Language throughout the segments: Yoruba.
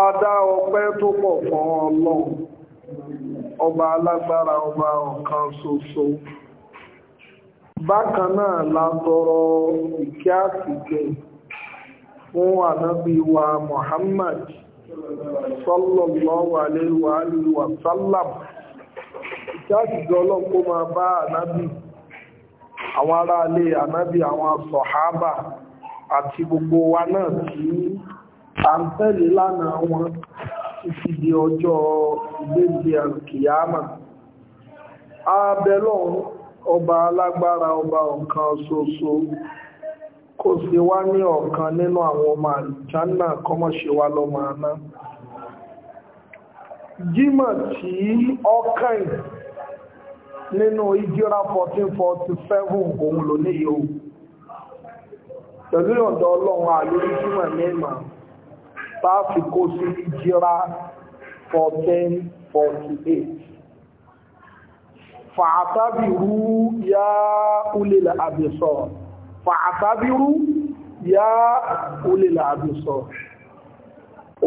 Adá ọpẹ́ tó pọ̀ fún Ọlọ́run, ọba alágbára ọba ọ̀kan ṣoṣo. Bákan náà la ìkẹ́ àtìkẹ́ fún ànábí wa Muhammad sallallahu alaihi wa wa Ìkẹ́ àtìkẹ́ bá ànábí, àwọn ànábí, àwọn sọ̀hábà gbogbo wa náà tí a ń tẹ̀lé lánàá wọn títí ọjọ́ ìgbéǹde àrùkìyàmà abẹ́lọ́n ọba alágbára ọba ọ̀kan ṣoṣo kò sí wá ní ọ̀kan nínú àwọn ọmọ àlùjánà kọ́mọ̀ṣe wa lọ́mọ tí ọkàn nínú ìjírá 1447 òun lò pẹ̀lú ọlọ́run àlórí sáàfì kó sí ìjírá 1448 fàátàbírú yá ulèlè àbẹ̀sọ̀ fàátàbírú yá ulèlè àbẹ̀sọ̀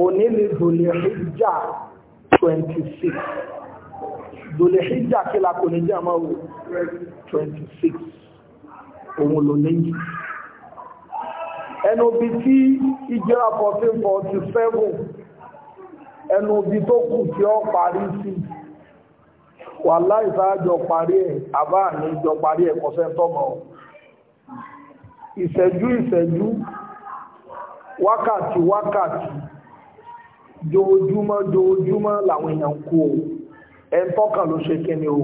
òní lè dòlè ìjà 26 dòlè ìjà kí lákòó ní jẹ́ àmọ́ 26 òun lò lẹ́yìn ẹnu bí tí ìjẹ́ra 1447 ẹnu bí tó kù tí ó parí sí wà láìsáájọ parí ẹ̀ àbá ní ìjọ parí ẹ̀ kọsẹ́ tọ́mọ̀ ìṣẹ́jú ìṣẹ́jú wákàtí wákàtí jòójúmọ́ jòójúmọ́ làwọn èèyàn kú o ẹn tọ́kà ló ṣe kíni o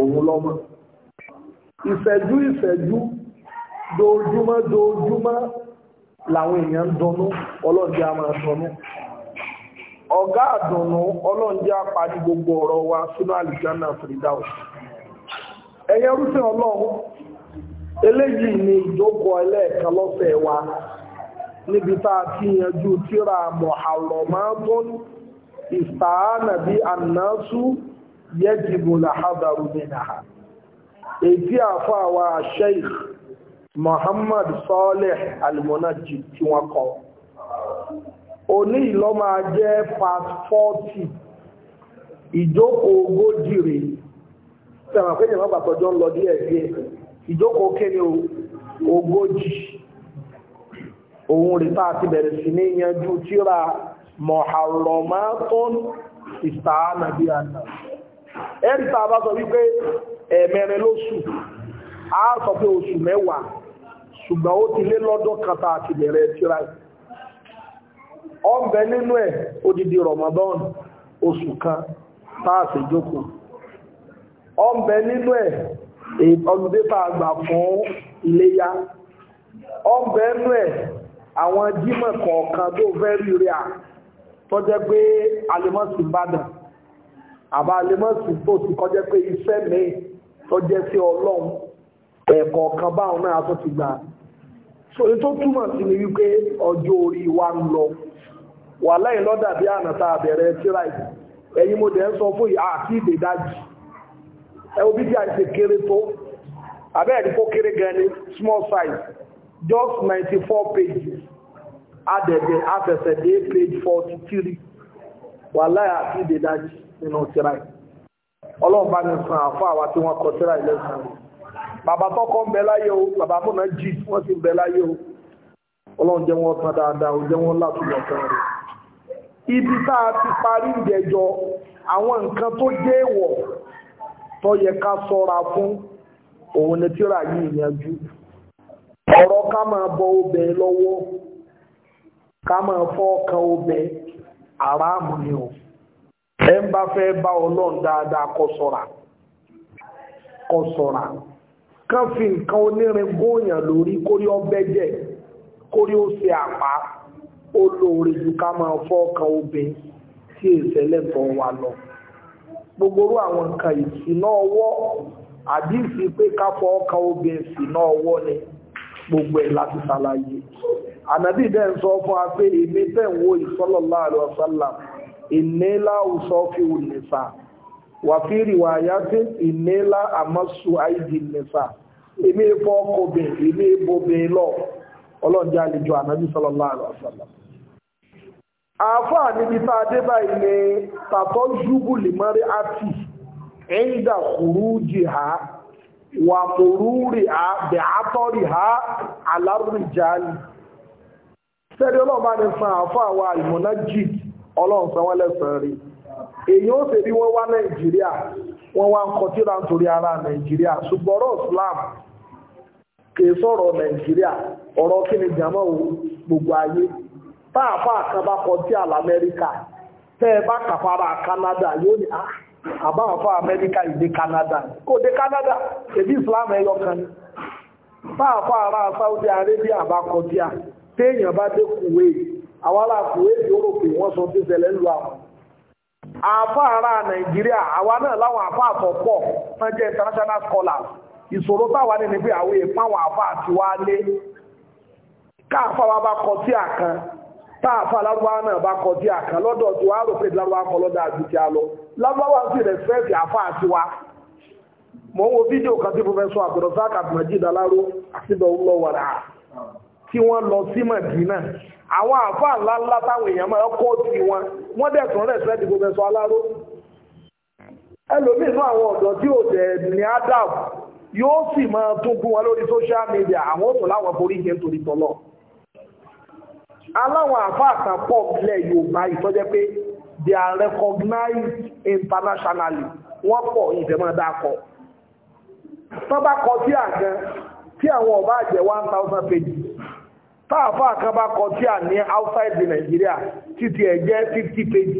òun lọ́mọ́ ìṣẹ́jú ìṣẹ́jú jòójúmọ́ jòójúmọ́ làwọn èèyàn dùnnú ọlọ́njẹ́ a máa ọ̀gá àdùnnú ọlọ́njẹ́ apàdé gbogbo ọ̀rọ̀ wa sínú àlìjánà fìdáwọ̀ ẹ̀yẹ rúfẹ́ ọlọ́run eléyìí ni ìjókòó ẹlẹ́ẹ̀kan lọ́sẹ̀ wa níbi tá a ti yanjú tíra èyí tí àwa Muhammad Saleh Al-Munaji tí wọ́n kọ òní ìlọ máa jẹ́ part 40 ìjókòó ogójì rè sẹ́wọ̀n pé ìyẹ̀mọ́ pàtọ́jọ́ ń lọ díẹ̀ díẹ̀ ìjókòó kéde ogójì òun rí tá a ti bẹ̀rẹ̀ sí ní yanjú tíra Muharramatun ìsàánà bí a bá sọ wípé ẹ̀mẹrin lóṣù a sọ pé oṣù mẹ́wàá ṣùgbọ́n ó ti lé lọ́dún kan tá bẹ̀rẹ̀ nínú ẹ̀ odidi Ramadan oṣù kan tá a sì nínú ẹ̀ ọlùdé tá fún iléyá ọ̀bẹ̀ nínú ẹ̀ àwọn jímọ̀ kọ̀ọ̀kan tó fẹ́ rírí à pé alimọ́sí Ìbàdàn àbá alimọ́sí tó kọjẹ́ pé iṣẹ́ mi sí Ọlọ́run ẹ̀kọ̀ọ̀kan so èyí tó túmọ̀ sí ni wípé ọjọ́ orí wa ń lọ wà lẹ́yìn lọ́dà bí ànàta àbẹ̀rẹ̀ tíráìtì ẹ̀yin mo dẹ̀ ń sọ fún ìhà àti ìdèdájì ẹ wo bí díà ṣe kéré tó abẹ́ kó kéré gan ni small size just 94 pages Afese dey page 43 wà láyà àti ìdèdájì nínú tíráìtì ọlọ́run bá ní san àfọ́ àwa tí wọ́n kọ tíráìtì lẹ́sàn-án bàbá tọkọ ń bẹ láyé o bàbá múna jì wọn sì ń bẹ láyé o ọlọ́run wọn tán dáadáa ò jẹ́ wọn ibi tá a ti parí ìjẹjọ àwọn nǹkan tó wọ tó yẹ ká fún òun ni tíra yìí yanjú ọ̀rọ̀ ká máa bọ obẹ̀ lọ́wọ́ ká máa fọ́ ọkàn o ẹ ń bá fẹ́ bá ọlọ́run dáadáa kafin fi nǹkan onírin góòyàn lórí kórí ọbẹ̀ jẹ́ kórí ó se àpá ó lóore ju ká máa fọ́ ọkàn obìnrin tí èsẹ̀lẹ̀ tán lọ gbogbo àwọn nǹkan ìsìná ọwọ́ àdíìsí pé ká fọ́ ọkàn obìnrin ọwọ́ ni gbogbo ẹ̀ láti ṣàlàyé ànàbí dẹ́ ń sọ fún wa pé èmi ń wo èmi fọ́ eme èmi lọ ọlọ́njẹ́ àlejò ànábì sallallahu alaihi wasallam àáfàá níbi tá a dé báyìí ni tàtọ́ ṣubú lìmọ́rí àti ẹ̀ńdà ha wà ha bẹ̀ àtọ́rì ha alárùjáàlì sẹ́rí ọlọ́ọ̀bá ni san wa ìmọ̀nà jìd ọlọ́ọ̀sán wọn lẹ́sàn-án rí èyí wọ́n wá ń kọ tíra nítorí ara nàìjíríà ṣùgbọ́n ọ̀rọ̀ islam kì í sọ̀rọ̀ nàìjíríà ọ̀rọ̀ kí ni jàmọ́ o gbogbo ayé táàfà kan bá kọ tí àlà amẹ́ríkà tẹ́ ẹ bá kàfàrà canada yóò ní ah, àbáwọ̀fà amẹ́ríkà ìdí canada kò dé canada èdè islam ẹyọ kan ní táàfà ará saudi arabia bá kọ tí a téèyàn bá dé kuwait àwọn ará kuwait yóò rò pé wọ́n sọ tí ṣẹlẹ̀ lu àwọn àfá ara nàìjíríà àwa náà láwọn àfá àtọ̀pọ̀ tán jẹ́ international scholars ìṣòro táwa ní ni pé àwọn ìpáwọn àfá àti wá lé káàfá wa bá kọ sí àkan táàfá lárúbáwá náà bá kọ sí àkan lọ́dọ̀ tí wàá rò pé lárúbáwá kọ lọ́dọ̀ àti ti a lọ lárúbáwá sì rẹ̀sẹ̀tì àfá àti wa mò ń fídíò kan tí àti tí wọ́n lọ sí Màdínà àwọn àfáà ńláńlá táwọn èèyàn máa kọ́ ti wọn wọ́n dẹ̀tún rẹ̀ sẹ́ẹ̀dì pòfẹ́sọ aláró ẹlòmíì náà àwọn ọ̀dọ́ tí ò dẹ̀ ní adam yóò sì máa tún kún wọn lórí social media àwọn òtún láwọn forí jẹ nítorí tọlọ aláwọn àfáà kan pọ̀ nílẹ̀ Yorùbá ìtọ́jẹ́ pé they are recognized internationally wọ́n pọ̀ ìfẹ́mọ́ dákọ̀ tọ́ bá kọ sí àgán tí àwọn ọba àjẹ́ one thousand pages táàfà kan bá kọ tí à ní outside the Nigeria títí ẹ̀ jẹ́ fifty page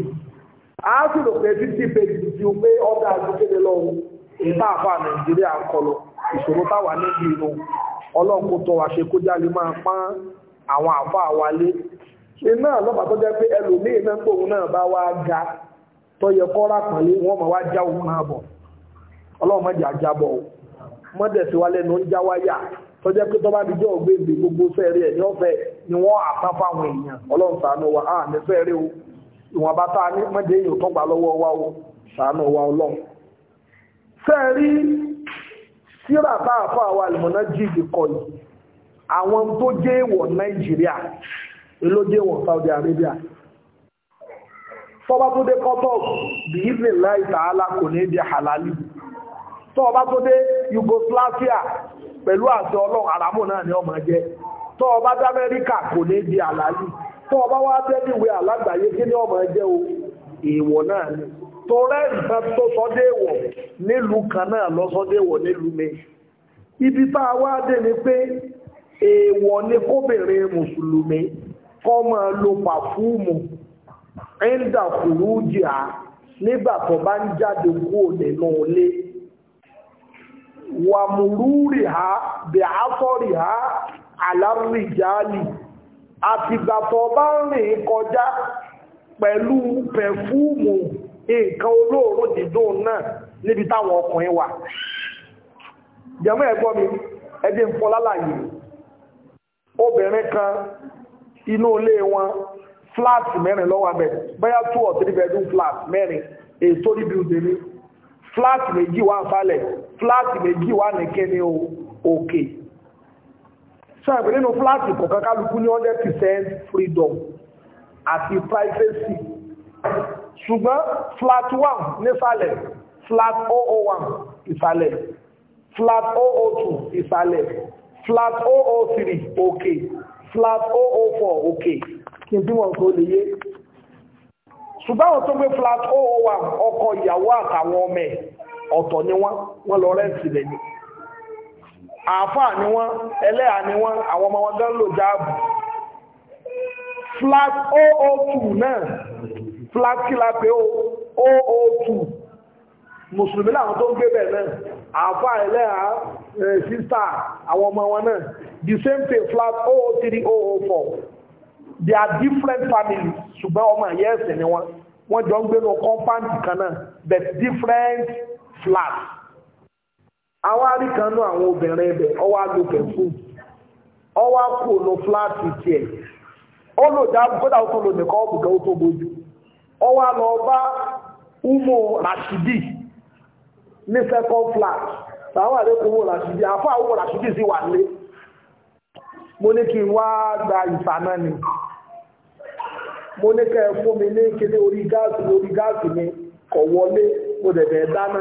a sì rò pé fifty page ti pé ọ̀dà àdúgbò lọ́wọ́ ìtààfà Nàìjíríà kọlọ ìṣòro táwa níbi inú ọlọ́nkú tó wà ṣe kó jáde máa pán àwọn àfà wálé iná lọ́pàá tó jẹ́ pé ẹlòmíì náà pòun náà bá wá ga tó yẹ kọ́ra pẹ̀lú wọn máa wá já òun náà bọ̀ ọlọ́run mọ́jà jábọ̀ mọ́dẹ̀ sí wálé ló ń já wáyà tó jẹ́ pé tó bá dijọ́ ògbéǹde gbogbo fẹ́ẹ̀rí ẹ̀ ní ọ̀fẹ́ ni wọ́n àtàn fáwọn èèyàn ọlọ́run ṣàánú wa á ní fẹ́ẹ̀rí o ìwọ̀n bá tá a ní mọ́jẹ́ èèyàn tó gbà lọ́wọ́ wa o ṣàánú wa ọlọ́run fẹ́ẹ̀rí síra táàfà wa lùmọ̀ná jíìdì kọ yìí àwọn tó jẹ́ ìwọ̀ Nàìjíríà èló jẹ́ Saudi Arabia fọ́bá tó dé kọ́tọ̀ bí ìbìnlá ìtàhálà kò ní di halali tó ọba tó dé Yugoslavia pẹ̀lú àṣẹ ọlọ́run àràmù náà ni ọmọ jẹ́ tó ọba dá Amẹ́ríkà kò ní di àlàyé tó ọba wá tẹ́lẹ̀wé alágbàáyé kí ni ọmọ jẹ́ o èèwọ̀ náà ni tó rẹ́ nǹkan tó sọdéèwọ̀ nílùú kan náà lọ sọdéèwọ̀ nílùú mi ibi tá a wá dé ni pé èèwọ̀ ni kóbìnrin mùsùlùmí kọ́ máa lo pàfúùmù ẹ̀ńdà kùrú jìá nígbà tó bá ń jáde kúrò nínú ilé wà múrúrì ha bí àtọ́rì ha alárìjáàlì àtìgbàtọ̀ bá ń rìn kọjá pẹ̀lú pẹ̀fúùmù nǹkan olóòrò dídùn náà níbi táwọn ọkùnrin wà jẹ́mọ́ ẹ̀gbọ́n mi ẹdí fọlálàyé obìnrin kan inú ilé wọn flat mẹ́rin lọ́wọ́ abẹ bóyá two or three bedroom flat mẹ́rin èyí tó rí building flat méjì wà falẹ̀ flat méjì wà ní kíni òkè sáàbì nínú flat kọ̀ọ̀kan kálukú ní 100% freedom àti privacy ṣùgbọ́n flat 1 nísàlẹ̀ flat 001 ìsàlẹ̀ flat 002 ìsàlẹ̀ flat 003 òkè flat 004 òkè kí n bí wọn kò lè yé ṣùgbọ́n àwọn tó gbé flat 001 ọkọ ìyàwó àtàwọn ọmọ ẹ̀ ọ̀tọ̀ ni wọ́n wọ́n lọ rẹ́ǹtì lẹ̀ ni àáfàá ni wọ́n ẹlẹ́yà ni wọ́n àwọn ọmọ wọn dán lò jáàbù flat 002 náà flat kílá pé 002 mùsùlùmí làwọn tó ń gbé bẹ̀ náà àáfàá ẹlẹ́yà eh, sísà àwọn ọmọ wọn náà the same thing flat 03004 they are different families ṣùgbọ́n ọmọ ẹ̀yẹ ẹ̀sìn ni wọ́n wọ́n jọ ń gbé nu compound kan náà but different flats àwọn àríkànnú àwọn obìnrin ẹbẹ ọwọ́ àlò pẹ̀fú ọwọ́ àkó nu flat tiẹ̀ ó lò dá kódà ó tó lò nìkan ó bùkẹ́ ó tó bójú ọwọ́ àlọ́ ọba umu rashidi ní second flat sàwọn àlékún umu rashidi àfọ àwọn umu rashidi sì wà lé mo ní kí n wá gba ìfànà ni. mo ní kẹ́ ẹ fún mi ní kéde orí gáàsì lórí gáàsì mi kọ̀ wọlé mo dẹ̀dẹ̀ dáná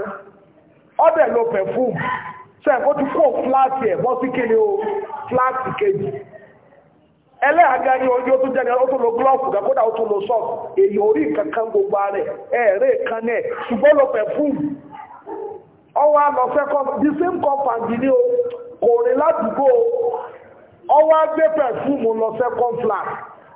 ọ̀dẹ̀ lo pẹ̀fúm ṣe kó ti kó fúláàtì ẹ̀ bọ́ sí kéde o fúláàtì kejì ẹlẹ́àga ni ojú tó jẹ́ ó tó lọ glove kàkódà ó tó lọ sock èyí orí kankan gbogbo rẹ̀ ẹ̀ẹ́rẹ́ kan náà ṣùgbọ́n pẹ̀fúm ọwọ́ the same company ni o kò rìn ládùúgbò ọwọ́ agbé pẹ̀fúm flat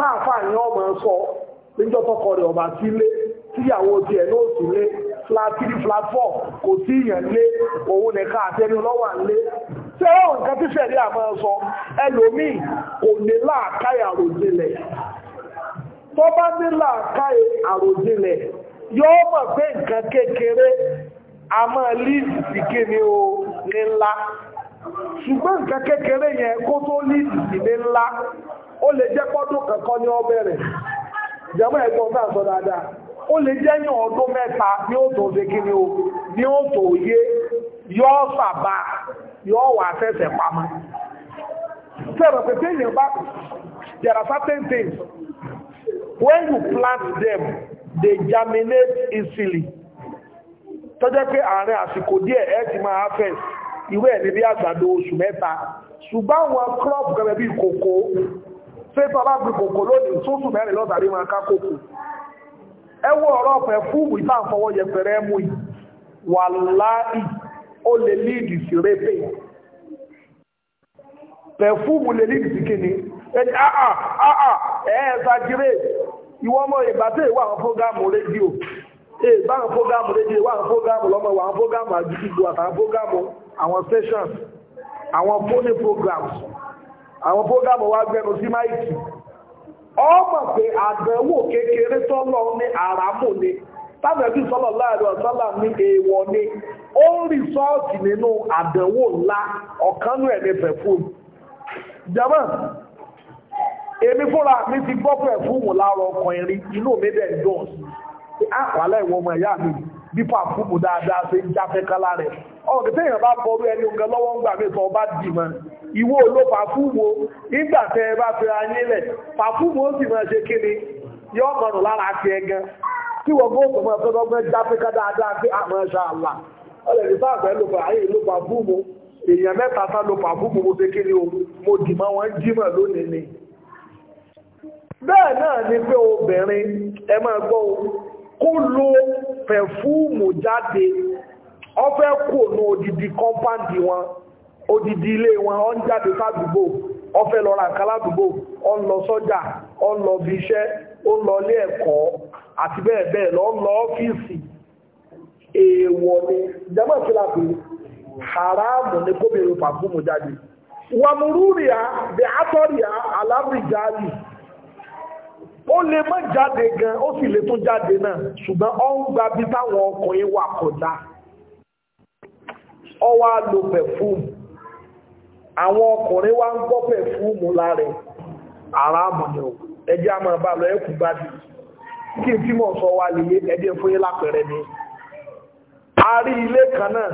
táàfà ní ọmọ sọ níjọ́ tọkọ rẹ̀ ọ̀bà sí ilé tíyàwó tiẹ̀ náà sì lé flat three flat four kò sí ìyàn lé òun nìkan àtẹni ọlọ́wà lé tí ó nǹkan tí fẹ̀rí àmọ́ sọ ẹlòmíì kò ní láàkáyà àròjinlẹ̀ tó bá ní láàkáyà àròjinlẹ̀ yóò mọ̀ pé nǹkan kékeré a máa líìdì sí kíni ní ńlá ṣùgbọ́n nǹkan kékeré yẹn kó tó líìdì sí ní ńlá ó lè jẹ́ pọ́dún kankan ní ọbẹ̀ rẹ̀ jẹ́mọ́ ẹ̀gbọ́n bá sọ dáadáa ó lè jẹ́ ní ọdún mẹ́ta ní ó tó o ní ó yé yọ́ sàbá yọ́ wà tẹ́sẹ̀ pamọ́ sẹ́rọ̀ pé téèyàn bá there are certain things when you plant them they germinate easily tó jẹ́ pé àárín àsìkò díẹ̀ ẹ ti máa harvest ìwé ẹ̀ ní bí àgbàdo oṣù mẹ́ta ṣùgbọ́n àwọn crop gẹ́gẹ́ bí kòkó ṣé tó bá gbogbo kò lónìí tó sùn mẹ́rin lọ́tàrí máa ká kòkò ẹ ọ̀rọ̀ ọ̀fẹ́ fúùmù ìtàǹfọwọ́ yẹpẹrẹ mú yìí wà láì ó lè líìdì sí rẹ́pẹ̀ pẹ̀fúùmù lè líìdì sí kíni ẹni àà àà ẹ̀ẹ́sàgírẹ́ ìwọ́n mọ̀ ìgbà ìwà àwọn fógámù programs àwọn prógámù wa gbẹ́nu sí máìkì ọmọ pé àdánwò kékeré tọ́lọ ní àràmù ni tábẹ̀bí sọ́lọ̀ láàrin ọ̀sọ́là ní èèwọ̀ ni ó ń rí sọ́ọ̀tì nínú àdánwò ńlá ọ̀kanú ẹ̀ ní pẹ̀fúmù jẹ́mọ́ èmi fúnra mi ti gbọ́ pẹ̀fúmù láàrọ̀ ọkùnrin rí inú mi dẹ̀ dùn sí àpàlẹ̀ ìwọ̀n ọmọ ìyá mi bí pàfúmù dáadáa ṣe ń jáfẹ́ká lára ẹ̀ ọ̀rọ̀ tẹ́yìn bá bọ́rú ẹni ọ̀gá lọ́wọ́ ń gbà mí sọ bá dì mọ́ ìwọ ló pàfúùmù nígbà tẹ́ ẹ bá fi ayé lẹ̀ pàfúùmù ó sì máa ṣe kí ni yọ mọ̀rùn lára ti ẹ gan tí wọ́n gbọ́ ọ̀gbọ̀n ọ̀gbọ̀n ọ̀gbọ̀n jáfíkà dáadáa pé àmọ́ ṣá àlà ọ̀rẹ́ ní sáàbẹ̀ ló pa ayé ló pàfúùmù èèyàn mẹ́ta sá ló pàfúùmù mo ṣe kí ni o mo dì mọ́ wọn jímọ̀ lónìí ni bẹ́ẹ̀ náà ni pé obìnrin ẹ máa kó lo pẹ̀fúùmù jáde ọfẹ́ kù ní odidi kọ́mpáǹdì wọn odidi ilé wọn ó ń jáde sádùúgbò ọfẹ́ lọ ra nǹkan ládùúgbò ó ń lọ sọ́jà ó ń lọ bí iṣẹ́ ó ń lọ ilé ẹ̀kọ́ àti bẹ́ẹ̀ bẹ́ẹ̀ lọ ń lọ ọ́fíìsì èèwọ̀ ni jẹ́mọ̀ sí la pé haramu ni kóbìnrin pàfúmù jáde wàmúrúrìá bí átọ́rìá alábìjáàlì ó lè má jáde gan ó sì lè tún jáde náà ṣùgbọ́n ó ń gba bí táwọn ọkùnrin wà kọjá ọ lo pẹ̀fúùmù àwọn ọkùnrin wá ń gbọ́ pẹ̀fúùmù lára ara àmọ̀yàn ẹjẹ́ àmọ̀ bá lọ ẹkù bá dì kí tí mọ̀ sọ wá lè ẹjẹ́ fún yín ni a rí ilé kan náà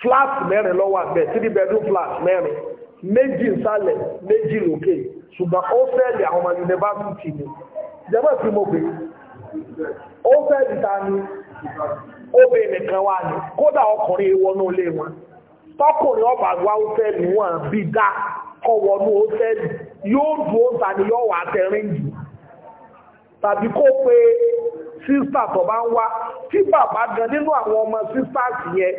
flat mẹ́rin ló wà three bedroom flat mẹ́rin méjì ìsàlẹ̀ méjì lókè ṣùgbọ́n ó fẹ́ẹ̀lì ni mo pè ó fẹ́ẹ̀lì obìnrin kan wà ní kódà ọkùnrin wọnú ilé wọn tọkùnrin ọba wá hótẹ́ẹ̀lì wọn bí dá kọ wọnú hótẹ́ẹ̀lì yóò dùn ó ta ni yóò wà tẹ́rìn jù tàbí kó pe sísà tó bá ń wá tí bàbá gan nínú àwọn ọmọ sisters yẹn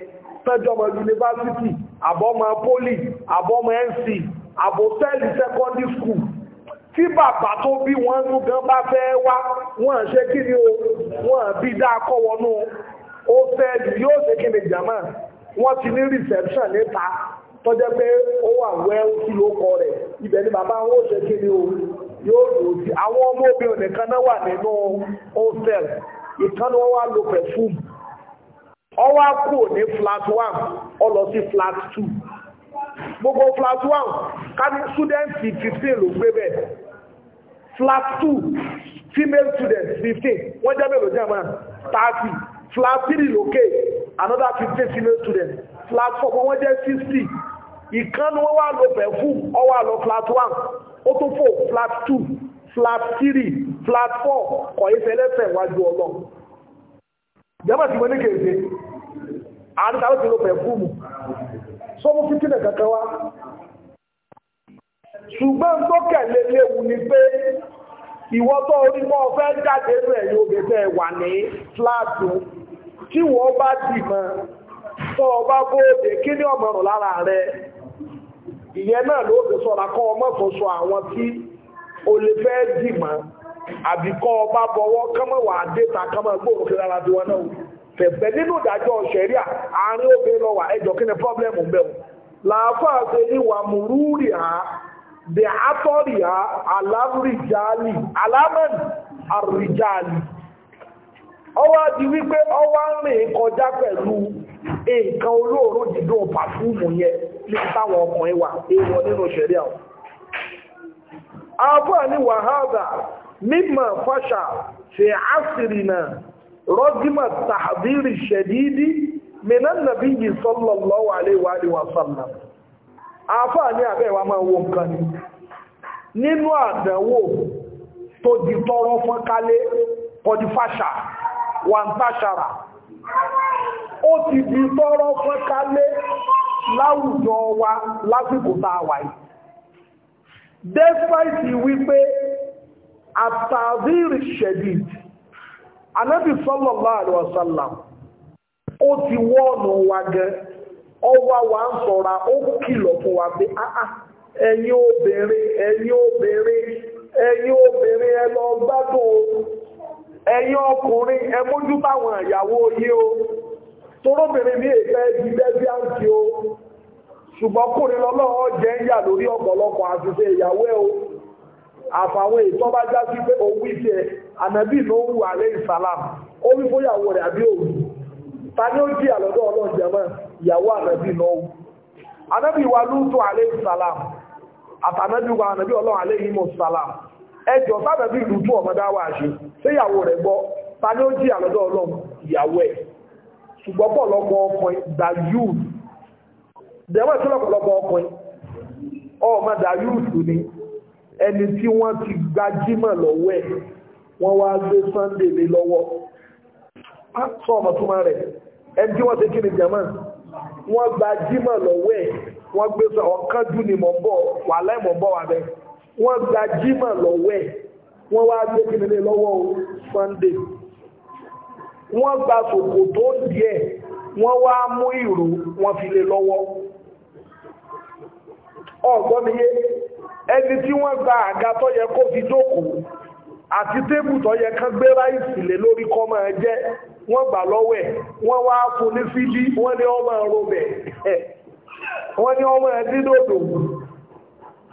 tọ́jọ́ ọmọ yunifásitì àbọ́mọ poli àbọ́mọ nc àbòtẹ́ẹ̀lì secondary school tí bàbá tó bí wọn nú gan bá fẹ́ wá wọn ṣe kí ni o wọn bí dáa kọ́ wọnú ó fẹ́ yóò ṣe kí ni jàmá wọ́n ti ní reception níta tọ́jẹ́ pé ó wà wẹ́l sí lóko rẹ̀ ibẹ̀ ni bàbá wọn ó ṣe kí ni o yóò lò sí àwọn ọmọ obìnrin nìkan náà wà nínú hostel ìkànnì wọn wá lo perfume ọwọ́ kù ní flat one ó lọ sí flat two gbogbo flat one kánú student fifteen ló gbé bẹ́ẹ̀ flat two female student fifteen wọ́n jẹ́ mélòó jẹ́ mọ́ thirty flat three lókè another fifteen female students flat four wọ́n jẹ́ sixty ìkànnì wọ́n wà lọ perfume ọ wà lọ flat one ó tó fò flat two flat three flat four kọ̀ ìfẹ́lẹ́fẹ́ wájú ọlọ́ jẹ́mọ̀ tí mo ní kéde àríta ó ti lọ perfume sọ́mú fifteen kankan wá ṣùgbọ́n tó kẹ̀lé léwu ni pé ìwọ́tọ̀ orí mọ́ fẹ́ jáde rẹ̀ yóò gẹ́gẹ́ wà ní flat two tí wọ́n bá dì mọ́ tó ọba bá kí ní ọmọrùn lára rẹ̀ ìyẹn náà ló fi sọ̀rọ̀ kọ́ ọmọ sọ àwọn tí o lè fẹ́ dì mọ́ àbí kọ́ bọ̀wọ́ kọ́mọ̀ wà ta kọ́mọ̀ kí lára bí náà fẹ̀fẹ̀ nínú ìdájọ́ àárín obìnrin lọ wà ẹjọ́ kí ni pọ́blẹ́mù bẹ́ẹ̀ làáfàá ṣe ní wà ọwá di wípé ọwá ń rìn kọjá pẹ̀lú nǹkan olóòrò dídùn pàfúùmù yẹn ní táwọn ọkùnrin wà èèwọ̀ nínú ṣẹ̀rí àwọn. àfáà ní wàhálà mímọ̀ fàṣà fi àṣìrìnà rọ́dímọ̀ tàbírì ṣẹ̀dídí mìíràn nàbí yìí sallallahu alaihi wa sallam. àfáà ní máa wo nǹkan di tọrọ fọ́nkálé wàntàṣàrà ó ti di tọ́rọ fẹ́kálé láwùjọ wa lásìkò despite wípé àtàzírì shedid anábì sallallahu alaihi ó ti wọ́ọ̀nù wa gẹ́ ọwá wa ń sọ̀ra ó kìlọ̀ fún wa pé áá ah, ah, ẹ̀yin obìnrin ẹ̀yin obìnrin ẹ̀yin ọkùnrin ẹ táwọn ìyàwó yí o toróbìnrin ní èfẹ́ ibi bẹ́bí o ṣùgbọ́n kùnrin lọ́lọ́wọ́ jẹ́ ń yà lórí ọ̀pọ̀lọpọ̀ àṣìṣe ìyàwó ẹ̀ o àfàwọn bá já sí pé òun wí tiẹ̀ ànàbí ìsàlám ó wí fóyàwó rẹ̀ àbí òun ta ni ó jí ìyàwó ànàbí ẹjọ́ sábẹ̀ bí ìlú tó ọmọdá wà ṣe ṣé ìyàwó rẹ̀ gbọ́ ta ni ó jí àlọ́dọ̀ ọlọ́run ìyàwó ẹ̀ ṣùgbọ́n pọ̀ lọ́pọ̀ ọkùnrin da youth dẹ̀wọ́n tí lọ́pọ̀lọpọ̀ ọkùnrin ọmọ da youth ni ẹni tí wọ́n ti gbajúmọ̀ lọ́wọ́ ẹ̀ wọ́n wá gbé Sunday lé lọ́wọ́ sọ ọmọ túmọ̀ rẹ̀ ẹni tí wọ́n ti kíni jẹ̀mọ́ wọ́n gbajúmọ̀ lọ́wọ́ ẹ̀ wọ́n ni mọ̀ ń bọ̀ wà láì mọ̀ ń wà bẹ́ẹ̀ wọ́n gba jímọ̀ lọ́wọ́ ẹ̀ wọ́n wá gbé kí nílé lọ́wọ́ Sunday wọ́n gba sòkò tó díẹ̀ wọ́n wá mú ìró wọ́n fi lé lọ́wọ́ ọ̀gbọ́miyé ẹni tí wọ́n gba àga tó yẹ kó fi jókòó àti tébù tó yẹ kán gbé ráìsì lé lórí kọ́ máa jẹ wọ́n gbà lọ́wọ́ ẹ̀ wọ́n wá fún ní síbí wọ́n ní ọmọ robẹ̀ wọ́n ní ọmọ ẹ̀dídòdò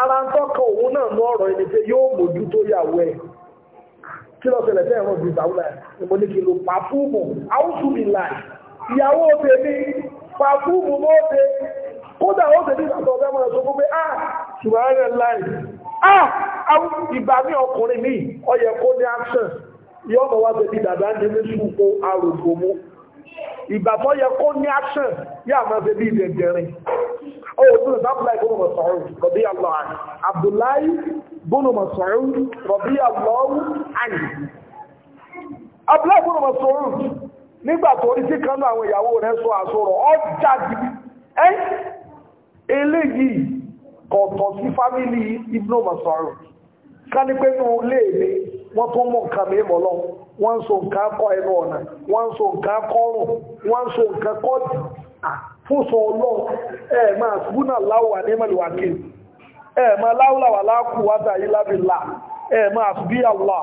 ara ń tọ́ka òun náà mú ọ̀rọ̀ ẹni pé yóò mójú tó yàwó ẹ̀ kí lọ ṣẹlẹ̀ tẹ́ ẹ̀rọ ìgbésà ní kí lo mi là ìyàwó tèmi pàfúùmù mọ́ ṣe kódà ọ̀gá fún pé ah ṣùgbọ́n láì ah ìgbà ní ọkùnrin mi ó kó ní action dàdá ní ìgbàtọ́ yẹ kó ní action yà máa ṣe bí ìdẹ̀dẹ̀rin ó tún sábàláì bónú mọ̀sọ̀rọ̀ rọ̀bí àlọ́ àní Abdullahi bónú mọ̀sọ̀rọ̀ rọ̀bí àlọ́ àní Abdullahi bónú mọ̀sọ̀rọ̀ nígbà tó rí sí kan náà àwọn ìyàwó rẹ̀ sọ àsọ̀rọ̀ ọ jáde ẹ́ eléyìí kọ̀ọ̀tọ̀ sí fámìlì Ibnu mọ̀sọ̀rọ̀ ká ní wọ́n tún mú nǹkan mi mọ́ lọ wọ́n ń so nǹkan kọ́ ẹnu ọ̀nà wọ́n ń so nǹkan kọ́rùn wọ́n ń so nǹkan kọ́ fúnṣọ ọlọ́run ẹ máa súnà láwà ní mẹ́lìwàkì ẹ máa láwùláwà láàkú wáta yìí lábìlà máa bí àwà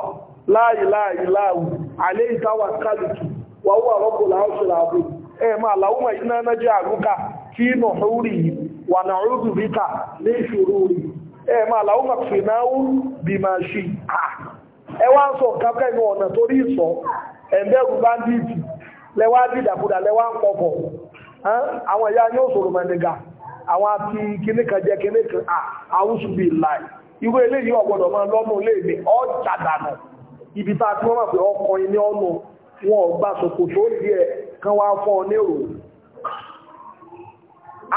láàyìláàyìláàwù alẹ́ ìtawà kálùkù wàhùwà rọ́pò láàṣìlá àbò máa láwùmọ̀ iná bí máa ṣe ẹwà wá ń sọ nǹkan bẹ́ẹ̀ ní ọ̀nà torí ìsọ ẹ̀ńdẹ́rù báńdíìtì lẹ́wà dìdàkudà lẹ́wà ń pọ̀pọ̀ àwọn ẹ̀yà yóò sọ̀rọ̀ mẹ́nìgà àwọn àti kìnnìkan jẹ́ kìnnìkan àwùsùbí Iwe a ti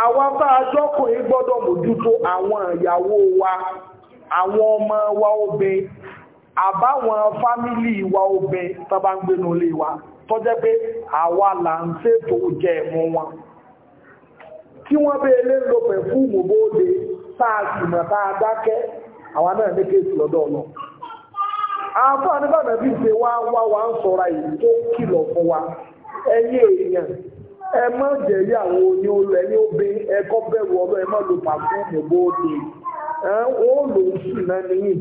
àwọn bá ajọ́kùnrin gbọ́dọ̀ mójútó àwọn wa àwọn ọmọ wa obìnrin àbáwọn fámílì wa obẹ tọba ń gbénú ilé wa tó jẹ́ pé àwa là ń ṣètò jẹ ẹ̀mú wọn tí wọ́n bẹ́ ilé ń lo pẹ̀fúùmù bóde sáà sì mọ̀ sáà dákẹ́ àwa náà ní kéèsì lọ́dọ̀ ọ̀nà àwọn àníbàdàn bí ṣe wá wá wá ń sọ̀ra yìí tó kìlọ̀ fún wa ẹyẹ èèyàn ẹ má jẹ̀rí àwọn oní olú ẹni ó bẹ bẹ̀rù ọlọ́ ẹ má lo pàfúùmù bóde ó lòún sì náà níyìn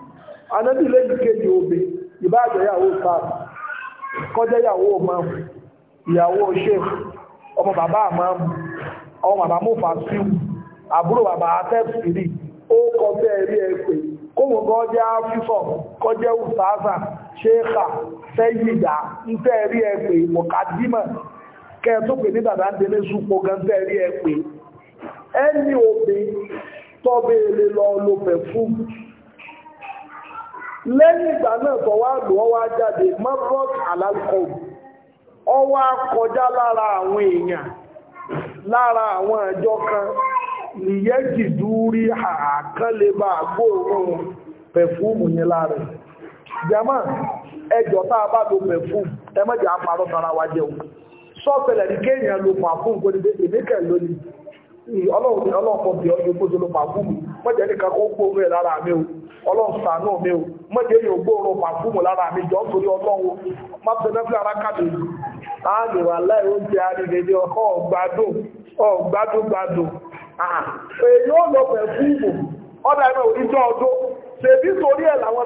anábì lẹ́yìn kejì obe ìbáàjẹ́ ìyàwó sáà kọjá yawo mam ìyàwó sheikh ọmọ baba mam ọmọ bàbá mọ́fà síwù baba atep siri o kọ bẹ́ẹ̀ rí ẹ pé kóhùn kan kọjá usasa sheikha sẹ́yìdá ntẹ tẹ́ ẹ pé mọ̀kadímọ̀ kẹ́ẹ̀tún pè ní bàbá ń délé súnpọ̀ gan tẹ́ rí ẹ ẹni lọ lẹ́yìn ìgbà náà tó wá lò ó wá jáde marot alalkob ó kọjá lára àwọn èèyàn lára àwọn àjọ kan nìyẹn ti dúrí àkànlébà gbóòórùn pẹ̀fúmù yẹn jama ẹjọ́ tá a bá lo pẹ̀fúmù ẹ má tara jẹun ní kéèyàn lo pàfún kò ní ìdíkẹ̀ lónìí ọlọ́pọ̀ bí lo pàfún mọ́jẹ̀ nìkan kó gbóòórùn ẹ̀ lára mi ọlọ́run ṣàánú mi o mọ́jẹ́ yóò gbóòrùn pàfúmù lára mi jọ torí ọlọ́run má fi ara kàdé ààrẹ̀wà láì oúnjẹ àrídẹ̀dẹ̀ ọkọ̀ ọ̀gbádùn ọ̀gbádùgbádùn èyí ó lọ ọdún ṣèbí torí ẹ̀ làwọn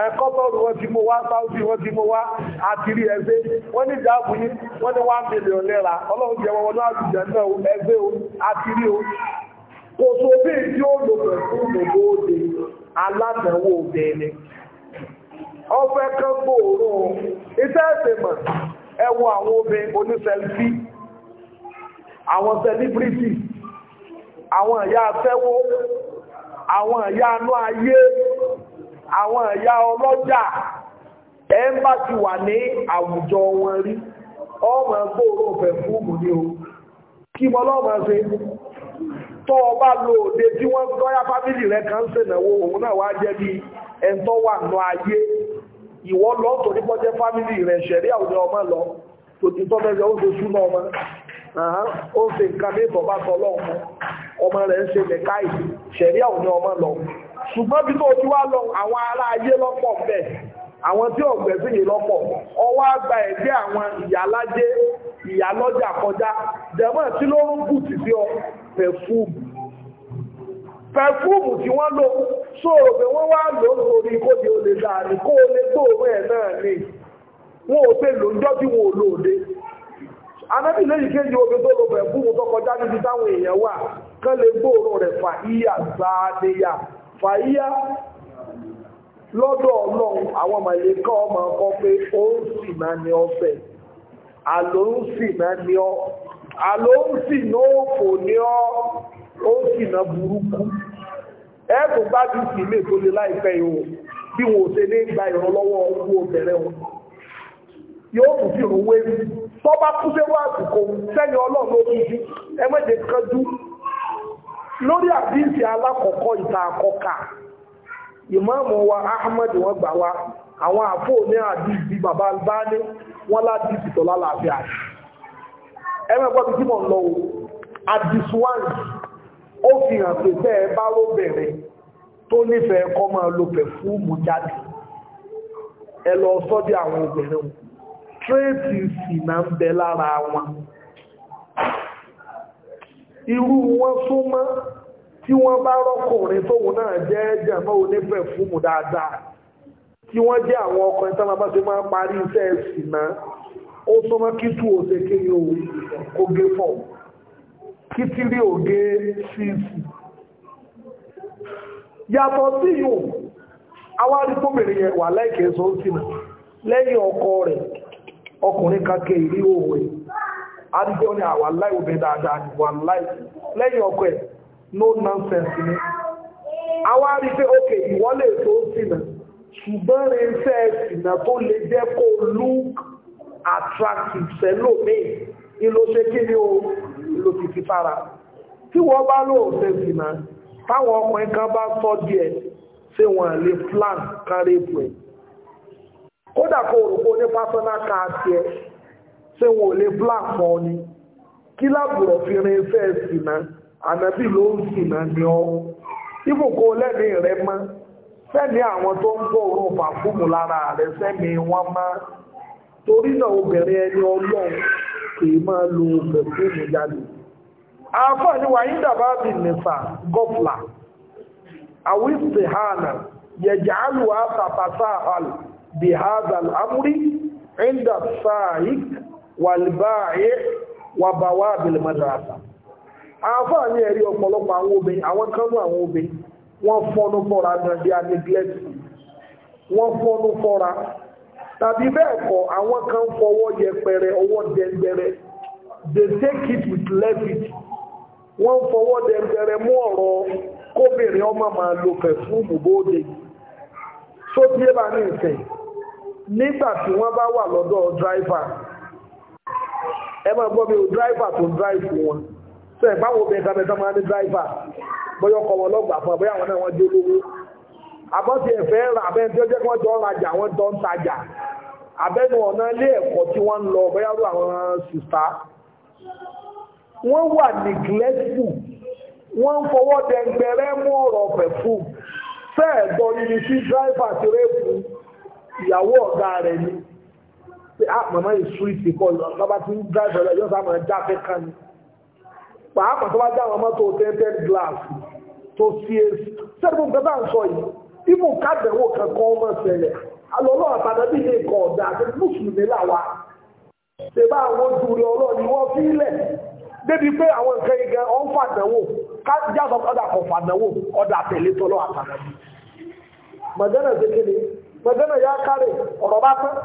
ẹ̀kọ́tọ̀rù wọn ti mú wá sáúsì wọn ti mú wá àtìrí ẹgbẹ́ wọ́n ní ìdáàbò yín wọ́n ní wá mílíọ̀n lẹ́ra ọlọ́run jẹ́ wọn náà jù jẹ́ náà ẹgbẹ́ o àtìrí o kò tó bí tí ó lò pẹ̀ fún òbó òde alátẹ̀wò òbẹ̀ẹ̀ni ọfẹ́ kan gbòòrùn iṣẹ́ ẹ̀sẹ̀ mọ̀ ẹwọ àwọn obìnrin oníṣẹ́lfí àwọn sẹlíbírìtì àwọn ìyá afẹ́wó àwọn ìyá anú ayé àwọn ìyá ọlọ́jà ẹ ń bá ti wà ní àwùjọ wọn rí ọmọ gbòòrò ọ̀fẹ́ fúùmù ní o kí mo lọ́mọ ṣe tó o bá òde tí wọ́n lọ́yà fámìlì rẹ̀ kan ṣènáwó òun náà wá jẹ́ bí ẹ̀ńtọ́ wà nù ayé ìwọ lọ́tọ̀ nípọ́jẹ́ fámìlì rẹ̀ ṣẹ̀rí àwùjọ ọmọ lọ tòtí tó bẹ́ẹ̀ ó dojú náà ọmọ ó ṣe nǹkan bí ìtọ́ba sọ lọ́wọ́ ọmọ rẹ̀ ń ṣe lẹ́ka ìlú ṣẹ̀rí àwọn ní ọmọ lọ ṣùgbọ́n bí tó ti wá lọ àwọn ará ayé lọ́pọ̀ bẹ́ẹ̀ àwọn tí ọ̀gbẹ́ sì yìí lọ́pọ̀ ọwọ́ àgbà ẹ̀gbẹ́ àwọn ìyálájé ìyálọ́jà kọjá jẹ̀mọ́ tí ló ń bù sí sí ọ pẹ̀fúùmù pẹ̀fúùmù tí wọ́n lò sóòrò pé wọ́n wá lò lórí kó di olè dáa ní kó o lè gbóòórùn ẹ̀ náà ní wọn ò pé lò ń jọ́ wọn ò lò òde anábì lẹ́yìn kéjì omi tó lọ bẹ̀rẹ̀ fún tó kọjá níbi táwọn èèyàn wà kán lè gbóòrò rẹ̀ fàíyà sáadéyà fàíyà lọ́dọ̀ ọlọ́run àwọn màlẹ́kọ́ ọmọ ọkọ pé ó ń sì máa ní si na niọ bí wọn ò ní gba yóò tún fi òwe tọ́ba kú sẹ́wọ́ àsìkò sẹ́ni ọlọ́run ó tún sí ẹ mẹ́jẹ kánjú lórí àdíìsì alákọ̀ọ́kọ́ ìta àkọ́kà ìmáàmù wa Ahmed wọ́n gbà wá àwọn àfò ní àdíìsì bàbá Albani wọ́n ládìísì tó lálàáfíà ẹ mẹ́gbọ́ bí tí mò ń lọ o àdìsí wáǹsì ó fi hàn pé bẹ́ẹ̀ bá ló bẹ̀rẹ̀ tó nífẹ̀ẹ́ kọ́ máa lo pẹ̀fúùmù jáde ẹ lọ sọ́dí àwọn obìnrin tírètì sì na ń bẹ lára wọn irú wọn súnmọ́ tí wọ́n bá rọ́kùnrin tóun náà jẹ́ jẹ̀mọ́ onífẹ̀ fúnmù dáadáa tí wọ́n jẹ́ àwọn ọkùnrin tánà bá ti máa ń parí iṣẹ́ ẹ̀sìn náà ó súnmọ́ kí tú òṣè kí ní òun kó gé fọ̀ kí tí rí ògé síìsì yàtọ̀ sí yòó awárí kóbìnrin yẹn wà láìkẹ́ sọ́ọ́sì náà lẹ́yìn ọkọ rẹ̀ ọkùnrin kakẹ ìrí òwò adìgbé ọ ní àwà ah, láì obìnrin dáadáa ní wà láì lẹ́yìn ọkọ ẹ̀ no nonsense ni àwa rí pé ókè ìwọ́lẹ̀ tó sínà ṣùgbọ́n irinṣẹ́ ìsìnà tó lè jẹ́ kó look attractive sẹ́lòmí ìlò ṣe kí ni o ìlò fìfì fara tí wọ́n bá lóòṣẹ́ ìsìnà táwọn ọkùnrin kan bá sọ́ díẹ̀ ṣé wọ́n lè plan kárí ètò ẹ̀ kódà kó òrùkó ní pásọ́nà káàtì ẹ̀ ṣé lè black mọ́ ni kí lábùrọ̀ fi rin fẹ́ na ànábì ló ń sìnà ni ọ́ ibù kó lẹ́ni rẹ mọ́ sẹ́ni àwọn tó ń bọ̀ òórùn pàfúmù lára rẹ sẹ́ni wọ́n mọ́ torí náà obìnrin ẹni ọlọ́run kì máa lo jáde dàbá nìfà بهذا الأمر عند السائق والبائع وبواب المدرسة àfáà ní ẹ̀rí ọ̀pọ̀lọpọ̀ àwọn obìnrin àwọn kánú àwọn obìnrin wọ́n fọ́nú fọ́ra gan bí aneglẹ́tì wọ́n fọ́nú fọ́ra tàbí bẹ́ẹ̀ kọ́ àwọn kan fọwọ́ yẹpẹrẹ ọwọ́ dẹ̀ndẹ̀rẹ̀ they take it with levity wọ́n fọwọ́ dẹ̀ndẹ̀rẹ̀ mú ọ̀rọ̀ kóbìnrin ọmọ máa lo pẹ̀fúmù bóde sóbíẹ́ bá ní ìfẹ̀yìn nígbà tí wọ́n bá wà lọ́dọ̀ dráìvà ẹ máa gbọ́ mi ò dráìvà tó dráìvù wọn sọ ẹ̀ báwo bẹ̀ẹ́ ká bẹ̀ẹ́ máa ní dráìvà bóyá ọkọ̀ wọn lọ́gbà fún bóyá àwọn náà wọ́n dé lówó àbọ̀tì ẹ̀fẹ́ rà abẹ́ tí ó jẹ́ kí wọ́n jọ ń rajà wọ́n jọ ń tajà abẹ́nu ọ̀nà ilé ẹ̀kọ́ tí wọ́n ń lọ bóyá ló àwọn sùtá wọ́n wà neglectful wọ́n ń fọwọ́ dẹ̀ngbẹ̀rẹ́ mú ọ̀rọ̀ ọ̀fẹ́ fún fẹ́ẹ̀ gbọ́ nínú sí dráìvà ti rẹ́ẹ̀fù ìyàwó ọ̀gá rẹ̀ ni pé á ah, màmá yìí súwìtì kọ́ lọ́ba tí ń dáìbò rẹ̀ yọ́sà máa já kẹ́kẹ́ ni pàápàá tó bá já àwọn mọ́tò gíláàsì tó sí èsì sẹ́dùn nǹkan bá ń sọ yìí ibù kádẹ̀wò kankan ọmọ ṣẹlẹ̀ alọ́lọ́ ọ̀dà àti mùsùlùmí làwà ṣe bá àwọn ojú rẹ̀ wọ́n fi ilẹ̀ débi pé àwọn nǹkan igi ọ̀n fàdánwò kájá ọ̀dà kan fàdánwò ọ̀dà ṣe kéde gbẹ̀gẹ́nà ya kárì ọ̀rọ̀ bá tán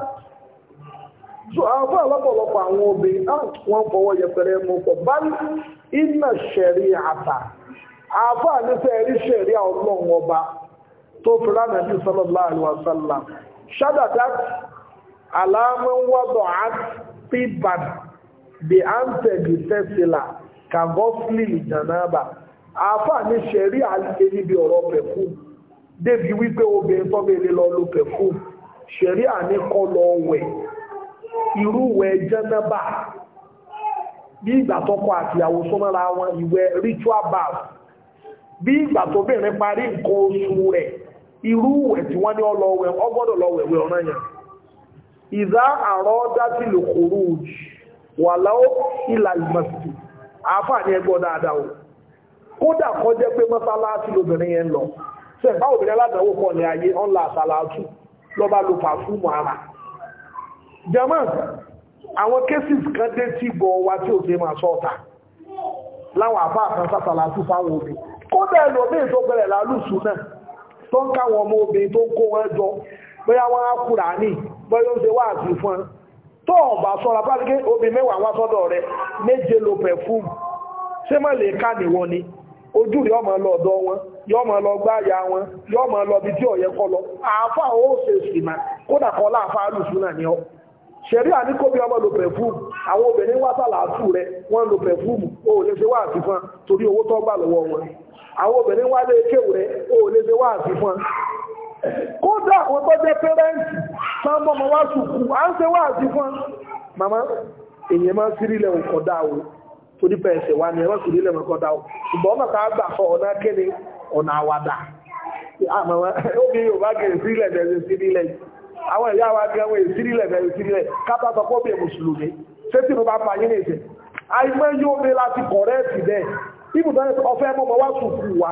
so àwọn fún ọlọ́pọ̀lọpọ̀ àwọn obìnrin náà wọ́n fọwọ́ yẹpẹrẹ mú pọ̀ bá iná ṣẹ̀rí àtà àfọ́ àníṣẹ́ rí ṣẹ̀rí ọlọ́run ọba tó fi ránà ní sallallahu alaihi wasallam ṣádàdá aláàmúwọ́dọ̀ àtìbàn bí à ń tẹ̀lé débi wípé obìnrin tó bèèrè lọ lo pẹ̀fún ṣẹ̀rí àníkọ́ lọ wẹ̀ irú wẹ̀ jẹ́nẹ́bà bí ìgbà tọkọ àtìyàwó súnmọ́ra wọn ìwẹ̀ ritual bath bí ìgbà tó bèèrè parí nǹkan oṣù rẹ̀ irú wẹ̀ tí wọ́n ní ọlọ́wẹ̀ ọgbọ́dọ̀ lọ́wẹ̀wẹ̀ ọ̀ràn yẹn ìdá àrọ́ dátì lè kòrò wà láó kódà kọjẹ́ pé mọ́sálásí lóbìnrin yẹn lọ ṣe bá obìnrin aládàáwò pọ̀ ní ayé ọ̀la àsàlátù lọ́ba lo pàfúùmù ara jama àwọn cases kan dé tí bọ̀ wá tí ò máa sọ́ọ̀tà láwọn àbá àkàn sàsàlátù fáwọn obì kódà ẹlòmíì tó bẹ̀rẹ̀ lálùsù náà tó ń káwọn ọmọ obìnrin tó ń kó wọn jọ bóyá wọn á kúrà ní bóyá ó ṣe wá àti fún ẹ tó ọ̀bà sọ́ra bá gé obì mẹ́wàá wá sọ́dọ̀ rẹ méje lo pẹ̀fúùmù ṣé má lè ká nìwọ ni ojú rí ọmọ lọ́dọ̀ wọn yọ mọ̀ lọ gba ya wọn yọ mọ̀ lọ bí tí lọ àáfà ó ṣe sì mà kódà kọ láàfà àlùsùn náà ni ọ́ ṣẹ̀rí àníkóbi ọmọ lo pẹ̀fúùmù àwọn obìnrin wá rẹ wọ́n lo pẹ̀fúùmù o lè ṣe wá àfihàn torí owó tó gbà lọ́wọ́ wọn àwọn obìnrin rẹ o lè ṣe wá àfihàn kódà àwọn tó jẹ́ pẹ́rẹ́ǹtì wá sùkú à ń ṣe wá àfihàn màmá máa ń sírí lẹ́wọ̀n o torí wá ni ẹ̀rọ o ṣùgbọ́n ọ̀nà àwàdà obì yorùbá gẹ̀ ìsírílẹ̀ bẹ̀rẹ̀ ìsírílẹ̀ àwọn ìyá wa gẹ̀ wọ́n bẹ̀rẹ̀ ìsírílẹ̀ kápá sọ pọ́ obi mùsùlùmí tí mo bá yín nìṣẹ́ yóò láti kọ̀rẹ́ẹ̀tì bẹ́ẹ̀ ọ̀fẹ́ wá sùkú wa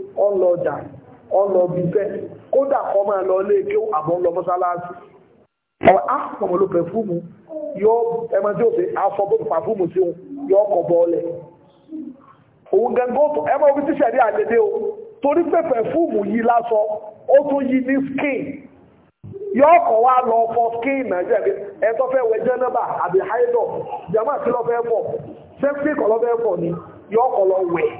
ọlọ́jà ọlọ́bífẹ́ kódà kọ́ máa lọ ilé kí àbọ̀ lọ mọ́sálásí ọ̀pọ̀ ló pẹ̀fúmù yóò ẹmọ tí ó fi aṣọ tó pàfúmù sí òun yóò kọ̀ bọ́ọ̀lẹ̀ òun gẹ́gọ́ tó ẹmọ orí tíṣẹ̀ ní o torí pé pẹ̀fúmù yìí lásọ ó tún yí ní skin yóò kọ̀ wá lọ fọ skin nàìjíríà bí ẹ̀tọ́ fẹ́ wẹ jẹ́nẹ́bà àbí haidọ̀ jẹ́mọ́ àti lọ́fẹ́ fọ̀ ni yóò lọ wẹ̀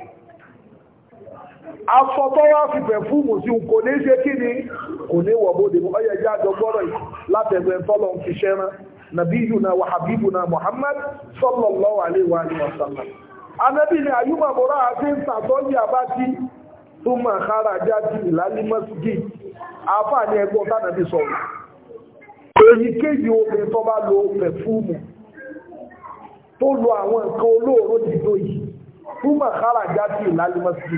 aṣọ tó wá fi bẹ̀ fún mùsùn kò ní ṣe kí ni kò ní wọ̀ bóde mú ọyẹ jẹ́ àjọgbọ́rọ̀ yìí látẹ̀gbẹ̀ tọ́lọ̀ ń fi ṣẹ́rán nabiyuna wa habibuna muhammad sallallahu alaihi wa sallam anabi ni ayuma mura ati n sàtọ́jú àbájí tó máa kára jáde ìlàlí mọ́síjì afá ní ẹgbọ́n tánàbí sọ̀rọ̀ èyíkéyìí obìnrin tó bá lo pẹ̀fúùmù tó lo àwọn nǹkan olóòrò dìdó yìí tó máa kára jáde ìlàlí mọ́síjì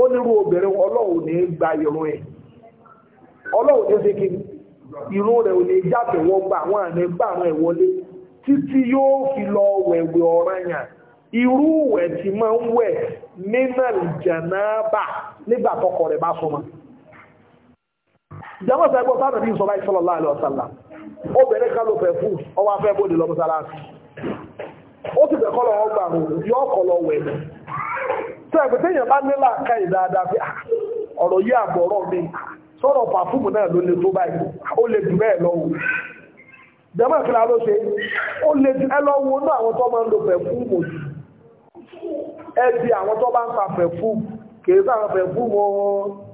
ó obìnrin ọlọ́run ní gba irun ẹ̀ ọlọ́run ní ṣe kí irun rẹ̀ ò ní wọ́n gba àwọn àmì gbà àwọn ẹ̀wọlé títí yóò fi lọ wẹ̀wẹ̀ ọ̀ranyàn irú ìwẹ̀ ti máa ń wẹ̀ nínú ìjànáàbà nígbà tọkọ rẹ̀ bá súnmọ́ jẹ́mọ́ tó tí èyàn bá nílà ká ìdáadáa pé ah, ọ̀rọ̀ yí àbọ̀rọ̀ mi ah, sọ́rọ̀ pàfúùmù náà ló le tó báyìí ah, ó lè jù bẹ́ẹ̀ lọ́wọ́ ìfìlà ló ṣe ó lè jù ẹlọ́wọ́ náà àwọn tó máa ń lo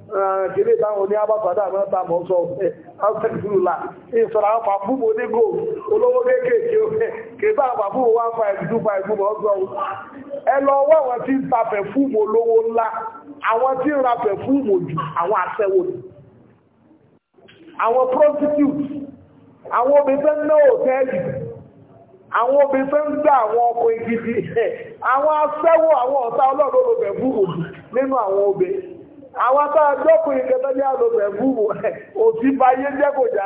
Eh, kéré táwọn oní abápadà máa ta mọ́ sọ ọ́sẹ̀kìtìlúlà eh, ìsọ̀rọ̀ àwọn pàbúbò onígò olówó kéékèèké kèbá pàbúbò 1525 mọ́ sọ ẹ lọ wọ́n àwọn tí ń ta pẹ̀fúùmù olówó ńlá àwọn àwọn aṣẹ́wó ni àwọn àwọn obìnrin ń gbà àwọn ọkọ̀ ìgidi eh, àwọn aṣẹ́wó àwọn ọ̀tá ọlọ́run olóbẹ̀ fún òbí nínú àwọn obìnrin àwọn tá a jókòó ìkẹtọ́jà lọ bẹ̀ fún òsínbáyé jẹ́ kò já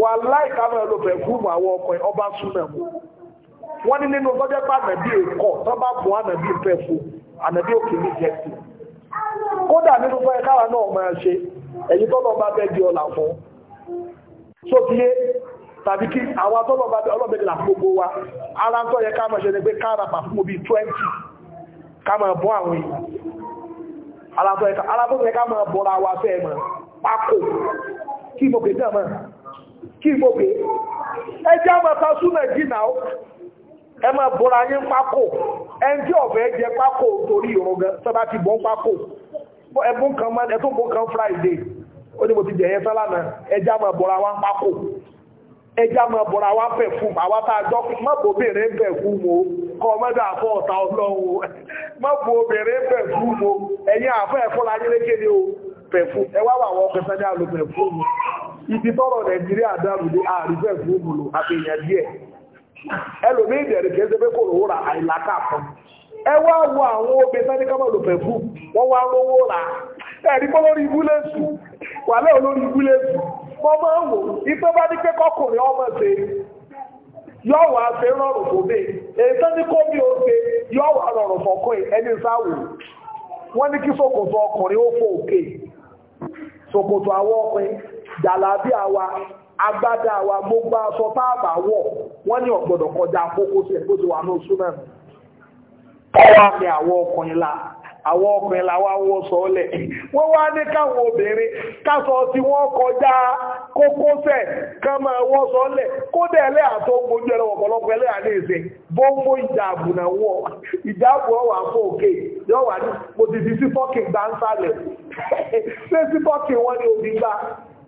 wà láìka náà ló fẹ́ fúrùmù àwọn ọkùnrin ọba súnà mú wọ́n ní nínú tọ́jẹ́ pa ànàbí èkó tọ́ba bùn ànàbí fẹ́ fún ànàbí òkè ní jẹ́sì kódà nínú fún ẹ̀ka àwọn náà máa ṣe èyí tọ́lọ́ bá bẹ́ẹ̀ di ọ̀là fún sókíyé tàbí kí àwọn tọ́lọ̀ bá bẹ́ ọlọ́bẹ̀dẹ̀ láti gbogbo wa ara ń tọ́ yẹ káàmà ṣe ní pé káàrà pàfún bí 20 káàmà bọ́ àwọn èèyàn ara tó yẹ káàmà bọ́ra wa fẹ́ mọ̀ pákó kí mo kè sí àmà kí mo pè é ẹjẹ́ ọmọ ta súnà jìnnà ó ẹ máa bọ́ra yín pákó ẹnjẹ́ ọ̀fẹ́ jẹ pákó torí ìrùn gan ti bọ́n pákó ẹbùn kan máa ẹtún bọ́n kan Friday ó ní mo ti jẹ̀yẹ́ sálà náà ẹjẹ́ ọmọ bọ́ra wá pákó ẹjẹ́ ọmọ bọ́ra wá pẹ̀ fún àwa tá a jọ má bò bèrè ń bẹ̀ fún mo kọ́ mẹ́ta àfọ́ ọ̀tá ọlọ́run má bò bèrè ń bẹ̀ fún mo ni o pẹ̀ fún ẹ wá wà wọ́n pẹ̀ sẹ́ni ibi tọ́rọ̀ nàìjíríà dárúdé àrífẹ́ fún òmùlò àfihàn díẹ̀ ẹlòmí ìdẹ̀rẹ̀ kìí ṣe pé kò rówó ra àìlàkà kan ẹ wá wo àwọn obìnrin sani kámọ̀ lò fẹ̀fú wọ́n wá rówó ra ẹ̀rí pọ́ lórí ibú lẹ́sù wà lẹ́ olórí ibú lẹ́sù wọ́n máa ń jàlábíà wa agbádá wa gbogbo aṣọ táàbà wọ̀ wọ́n ní ọ̀gbọ̀dọ̀ kọjá àkókò sí ẹ̀kọ́ ti wà ní oṣù mẹ́rin ọwọ́ àmì àwọn ọkùnrin la àwọn ọkùnrin la wá wọ́ sọ́ọ́lẹ̀ wọ́n wá ní káwọn obìnrin káṣọ tí wọ́n kọjá kókósẹ̀ kán máa wọ́ sọ́ọ́lẹ̀ kódà ẹlẹ́ àtọ́ gbójú ẹ̀rọ ọ̀pọ̀lọpọ̀ ẹlẹ́ àní ìsìn bóńbó ìjààbù náà wọ̀ ìjààbù ọ̀wà fún òkè yóò wà ní mo ti fi sí fọ́ọ̀kì gbá ṣé sí fọ́ọ̀kì wọn ni òbí gbá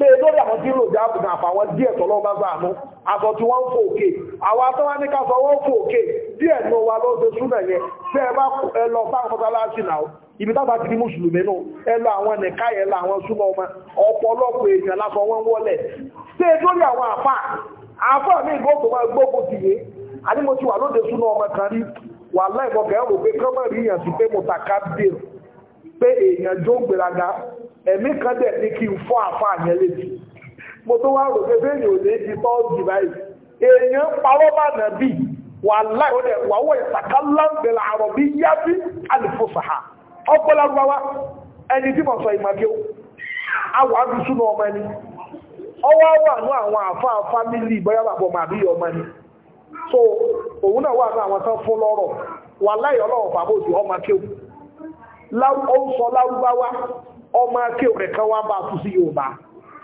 pé lórí àwọn tí lò jáàbù náà àfàwọn díẹ̀ tọ́lọ́ bá gbà mú aṣọ tí wọ́n ń fò òkè àwọn atọ́wá ní káṣọ wọ́n fò òkè díẹ̀ ní wa ló ṣe súnà yẹn tẹ́ ẹ bá ẹ lọ sáwọn mọ́sálásí náà ibi tábà ti di mùsùlùmí nù ẹ lọ àwọn nìka yẹn lọ àwọn súnà wà lóde súnà ọmọ pé kọ́mọ̀rí èèyàn ti pé mo tàkà pé èèyàn jó gbéraga ẹ̀mí kan dẹ̀ ní kí n fọ́ àfáà yẹn létí mo tó wá rò pé bẹ́ẹ̀ ma lè di tọ́ọ̀gì báyìí èèyàn parọ́ bá nà bí wàláì ó dẹ̀ wàwọ̀ ìtàkà láǹbẹ̀lẹ̀ àrọ̀ bí yá bí àlìfòsàhà ọgbọ́lárúbáwá ẹni tí mo sọ ìmọ̀gé àdùsù ọmọ ẹni ọwọ́ wà ní àwọn bàbọ̀ ọmọ ẹni so òun náà wà ní àwọn tán fún lọ́rọ̀ fàbọ̀ òsì ọmọ kéwù ó ń sọ lárúbáwá ọmọ akéwò kẹ̀kẹ́ wá bá tún sí Yorùbá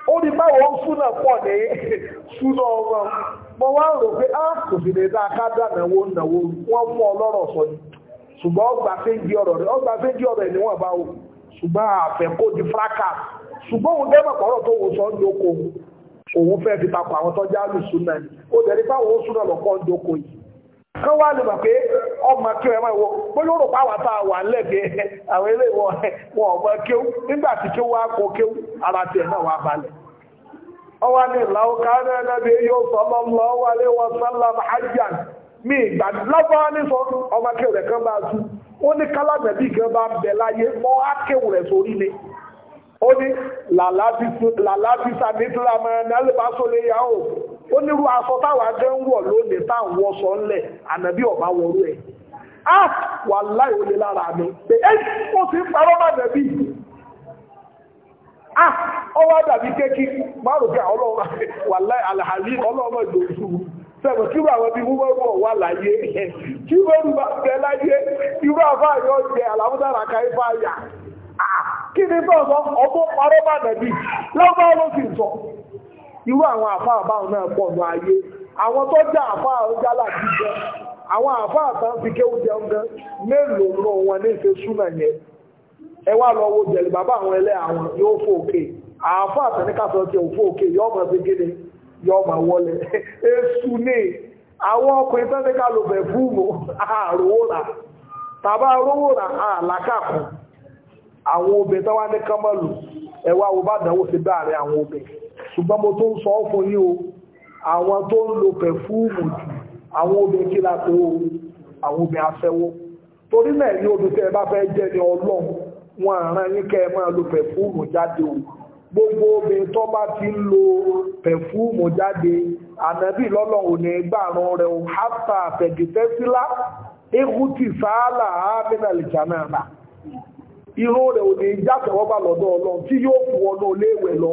ó ní báwọn súnà pọ̀ ní súnà ọmọ wá rò pé á ah, kò lè náwó wọ́n ọlọ́rọ̀ sọ ni ṣùgbọ́n ọgbà fẹ́ǹdì ọ̀rọ̀ rẹ̀ ọgbà ọ̀rọ̀ ẹ̀ níwọ̀n bá wò ṣùgbọ́n di kan wá lè mọ̀ pé ọmọ kí ẹ máa wọ bóyá ó rò pá wà lẹ́gbẹ̀ẹ́ àwọn ilé wọn wọn ọmọ kéwú nígbà tí kéwú wá kó kéwú ara tiẹ̀ náà wà balẹ̀. ní yóò sọ wà lé wọn hajjan mi ìgbà ní sọ ọmọ kan bá tú ó ní kan bá bẹ̀ láyé mọ́ á rẹ̀ ó nírú aṣọ táwa jẹ́ ń wọ̀ lónìí táwọn wọ sọ ńlẹ̀ ànàbí ọ̀bá wọrú ẹ̀ á wà láì olè lára mi pé ẹ́ ó ti ń parọ́ bá nàbí á ó wá dàbí kéèkì pé ọlọ́run wà láì àlàhàlì ọlọ́run ìdò ìṣubú sẹ́gbẹ̀ kí wọ́n àwọn wọ̀ wà láyé kí wọ́n rú bẹ láyé irú àlàmúdára ká ifá yà ah, kí irú àwọn àfa àbáwọn náà pọ̀ nù ayé àwọn tó jẹ́ àfa àrùjálà jíjẹ àwọn àfa àtàn fi kéwù jẹun gan mélòó nù wọn ní ìfẹ́ súnà yẹn ẹ wá lọ wo jẹ̀lì bàbá àwọn ẹlẹ́ àwọn yóò fò òkè àfa àtàn ní kàtọ́ tiẹ̀ òfò òkè yóò mọ̀ sí gíní yóò mọ̀ wọlé esu ní àwọn ọkùnrin tó ní ká lò bẹ̀ fúùmù àrùwò rà tàbá rówó rà àlàkàkùn àwọn obìnrin tó wá ní kánmọ́lù ẹ wá wo bá dánwò sí báàrin àwọn obìnrin ṣùgbọ́n mo tó ń sọ fún yín o àwọn tó ń lo pẹ̀fúùmù jù àwọn obìnrin kí lápò àwọn obìnrin aṣẹ́wó torí náà ní obìnrin tẹ́ ẹ bá fẹ́ jẹ́ ní ọlọ́run wọn àrán yín kẹ́ máa lo pẹ̀fúùmù jáde o gbogbo obìnrin tó bá ti ń lo pẹ̀fúùmù jáde ànábì lọ́lọ́ ò ní gbàrún rẹ̀ o hátà pẹ̀gìtẹ́sílá ekuti sáálà ámìnà lìjànà àná irun rẹ̀ ò ní jáfẹ́wọ́ bá lọ́dọ̀ ọlọ́run tí yóò fún ọ náà léèwẹ̀ lọ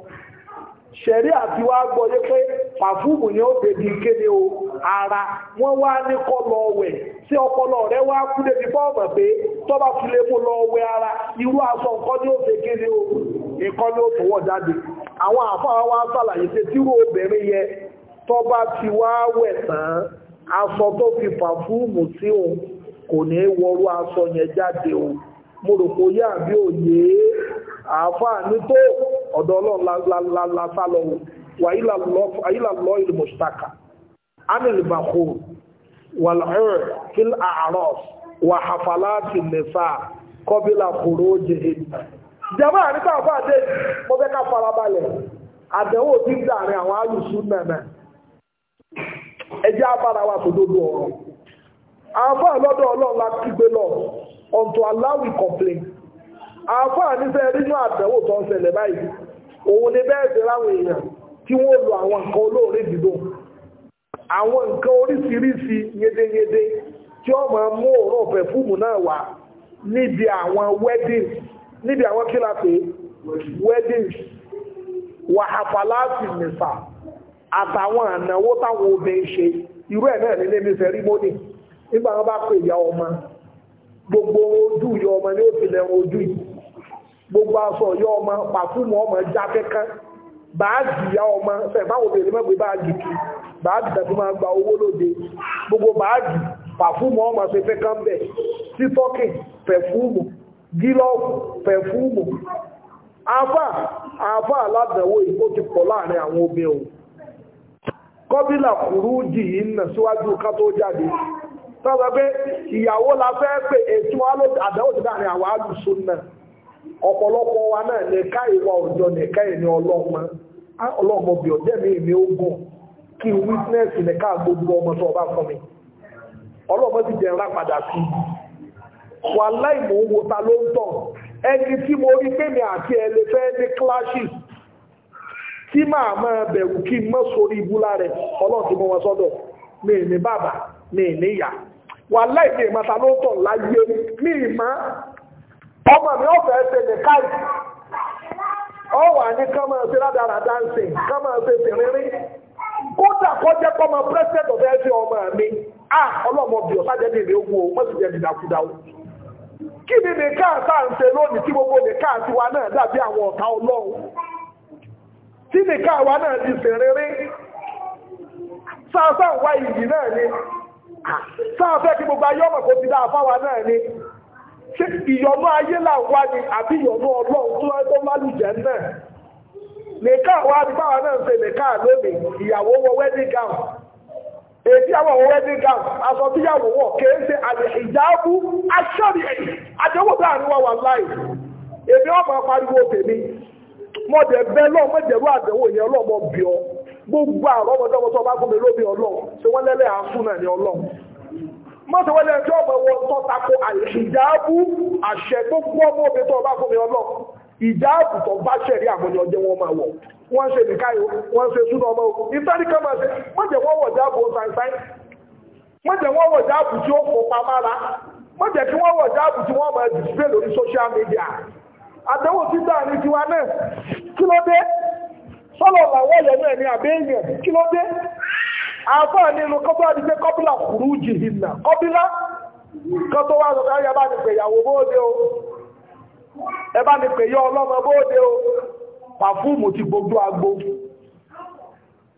ṣẹ̀rí àti wá gbọ́yé pé pàfúùmù ni ó bèbí kéde o ara wọ́n wá ní kọ́ lọ wẹ̀ tí ọpọlọ rẹ̀ wá kú débi bọ́ọ̀mọ̀ pé tó bá fi lè mú lọ wẹ̀ ara irú aṣọ nǹkan ni ó fẹ́ kéde o nǹkan ni ó tọwọ́ jáde àwọn àfáà wá sàlàyé pé tíró obìnrin yẹ tó bá ti wá wẹ̀ tán aṣọ tó fi pàfúùmù sí òun kò ní wọrú aṣọ yẹn jáde o mo rò pé ó yà bí òye àáfàá ní tó ọ̀dọ̀ ọlọ́run lásálọ́wọ́ wàílàlọ́ ìlmùsítàkà anìlìbàkó wàlọ́rẹ̀ fil àárọ̀s wà hàfàláàtì nìfà kọbílà kòrò oje jẹmọ́ àríkà bá dé mo fẹ́ ká farabalẹ̀ àdẹ̀wò tí ń dàrin àwọn alùsù mẹ́mẹ́ ẹjẹ́ abára wa tòdodo ọ̀rọ̀ àfà lọ́dọ̀ ọlọ́run la kígbe lọ ọ̀ntọ́ aláwì complain àfà nífẹ̀ẹ́ nínú àdẹ̀wò tó òun ni bẹ́ẹ̀ bẹ̀rẹ̀ àwọn èèyàn tí wọ́n lo àwọn nǹkan olóore dìbò àwọn nǹkan oríṣiríṣi yedeyede tí ó mú òórùn pẹ̀fúmù náà wá níbi àwọn wedding níbi àwọn kí la pè wedding nìfà àtàwọn ànáwó táwọn obìnrin ṣe irú ẹ̀ náà nílé mi nígbà wọn bá ọmọ gbogbo ojú ìyá ọmọ ni ó ti gbogbo aṣọ ìyá ọmọ pàfúmù ọmọ já kẹ́kẹ́ báàgì ìyá ọmọ fẹ̀fáwò bèèrè mẹ́gbẹ̀ báàgì kí báàgì tàbí máa gba owó lóde gbogbo báàgì pàfúmù ọmọ ṣe fẹ́ kán bẹ̀ sítọ́kì pẹ̀fúmù gílọ́ọ̀fù pẹ̀fúmù afá afá aládàwó ìkó ti pọ̀ láàrin àwọn obìnrin òun kọ́bílà kùrú jì yìí nà síwájú ká tó jáde tọ́sọ pé ìyàwó la fẹ́ pé ètò àdáwò ti láàrin àwọn alùsùn náà ọ̀pọ̀lọpọ̀ wa náà lè ká ìwà òjò nìka ẹni ọlọ́mọ ọlọ́mọ bí ọ̀jẹ́ mi èmi ó gùn kí nìka gbogbo ọmọ tó ọba fún mi ti padà sí wà láì mò ń wo ta ló ń tọ̀ ẹni tí mo rí pé mi àti ẹ lè fẹ́ ní clashes tí màá máa bẹ̀rù kí n mọ́ sórí ibú lára ọlọ́run ti mọ́ wọn sọ́dọ̀ mi ní bàbá mi ní ìyá wà láì mi ìmọ̀ta ló ń tọ̀ láyé mi ìmọ̀ ọmọ mi ọ̀fẹ́ ẹsẹ̀ ní káì ọ wà ní ká máa ṣe ládàrà dáńsì ká máa ṣe tìrírí kódà kọjá kọ́ máa of ẹ̀sẹ̀ ọmọ mi à ọlọ́mọ bí ọ̀sá jẹ́ nílé ogun o wọ́n sì jẹ́ dídákúdá o kí ni ní lónìí tí gbogbo ní káà tiwa náà dàbí àwọn ọ̀tá ọlọ́run tí ní wa náà di siriri. sáà sáà wá ìyì náà ni sáà kí gbogbo ayé ọmọ kò ti náà ni ṣé ìyọnú ayé là ń wá ni àbí ìyọnú ọlọ́run tó wáyé tó má lùjẹ́ náà nìkan wá ní báwa náà ṣe nìkan lónìí ìyàwó wọ wedding gown èyí àwọn ọ̀wọ́ ẹni ga aṣọ tí yàwó wọ̀ kìí ṣe àlè ìjáàbù aṣọ́rì ẹ̀yìn àjẹwò bá àríwá wà láì èmi ọmọ pariwo tèmi mọ̀jẹ̀ bẹ́ẹ̀ lọ́wọ́ mọ̀jẹ̀rú àdẹ̀wò yẹn ọlọ́mọ bì ọ gbogbo àrọ́mọdọ́mọtọ́ bá fún mi lóbi ọlọ́run ṣé wọ́n lẹ́lẹ́ àásùn náà ní ọlọ́run mọ́sàn wọ́n lẹ́jọ́ ọmọ wọn tọ́ tako àṣẹ tó gbọ́ mọ́ obìnrin tó bá fúnmi ọlọ́ ìjáàbù tó bá ṣẹ̀rí àwọn ọjọ́ wọn máa wọ̀ wọ́n ṣe nìkáyò wọ́n ṣe ọmọ ogun máa ṣe mọ́jẹ̀ wọ́n wọ̀ jáàbù mọ́jẹ̀ wọ́n wọ̀ jáàbù tí ó mọ́jẹ̀ kí wọ́n wọ̀ jáàbù tí wọ́n máa lórí social media àtẹ̀wò ní tiwa náà kí sọ́lọ̀ làwọ́ ẹ̀yẹ̀ náà ni àbẹ́yẹ̀ kí ló dé àfáà nínú kọ́bílà ti pé kọ́bílà kùrú jì hìnà kọ́bílà kan tó wá sọ̀rọ̀ bá ti pè ìyàwó bóde o ẹ bá ti pè yọ ọlọ́mọ o pàfúùmù ti gbogbo agbo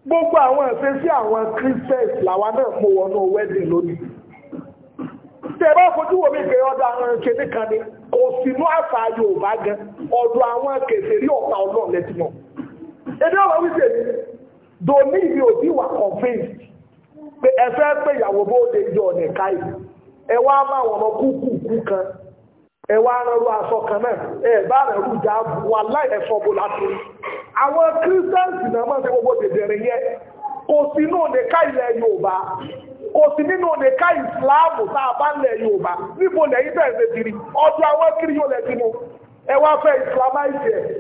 gbogbo àwọn ẹ̀fẹ́ sí àwọn christians náà mú wọnú wedding lónìí fojú wo mi pé àwọn ni kò sínú àṣà Yorùbá gan ọ̀dọ̀ àwọn kèfèrí ebi ọ̀rọ̀ wípé domi ibi òbí wà convinced pé ẹ fẹ́ pé ìyàwó bóde jọ nìka wọn kan kan náà ebe bá rẹrú ìjà Nwa lai ẹ̀fọ́ bó láti àwọn kírísítẹ́ǹsì náà gbogbo dèdèrè yẹn kò sí inú nìka ilẹ̀ Yorùbá ko si nínú kiri kiri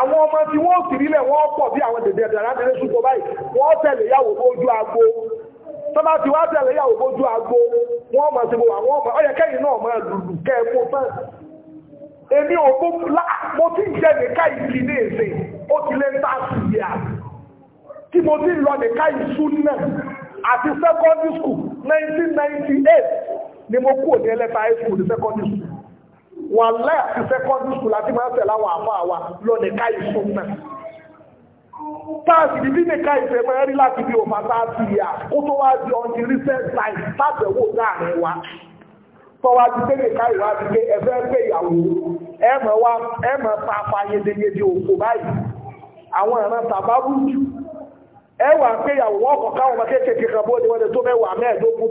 àwọn ọmọ tí wọ́n sì rílẹ̀ wọ́n pọ̀ bí àwọn dèdè ẹ̀dà láti lé ṣùgbọ́n báyìí wọ́n tẹ̀lé yàwó bójú agbo tọ́lá ti wá tẹ̀lé yàwó bójú agbo wọ́n mọ̀ sí gbogbo àwọn ọmọ ọyẹ kẹ́yìn náà máa lùlù kẹ́ẹ̀kọ́ tán èmi ò gbó mo ti ń jẹ nìka ìkì ní èsè ó ti lé tá a sì yà tí mo ti ń lọ nìka ìsúná àti secondary school 1998 ni mo kúrò ní ẹlẹ́ta high school ní secondary school wọn láì àti secondary school àti máa tẹ̀lé àwọn àfọ àwa lọ́nà ká ìsún náà táàsì bíbí nìka ìfẹ́ máa rí láti bí òfà táàsì yà kó tó wá di ọ̀nì recent time wa tọ́wá ti pé nìka ìwà ti pé ẹ̀fẹ́ pé ìyàwó ẹ̀mọ̀ wa ẹ̀mọ̀ pàápàá yedeyede òkò báyìí àwọn ìran tàbá rújú ẹ̀wà pé ìyàwó wọn kọ̀ọ̀kan wọn kéékèèké kan wọ́n tó mẹ́wàá mẹ́ẹ̀ẹ́dógún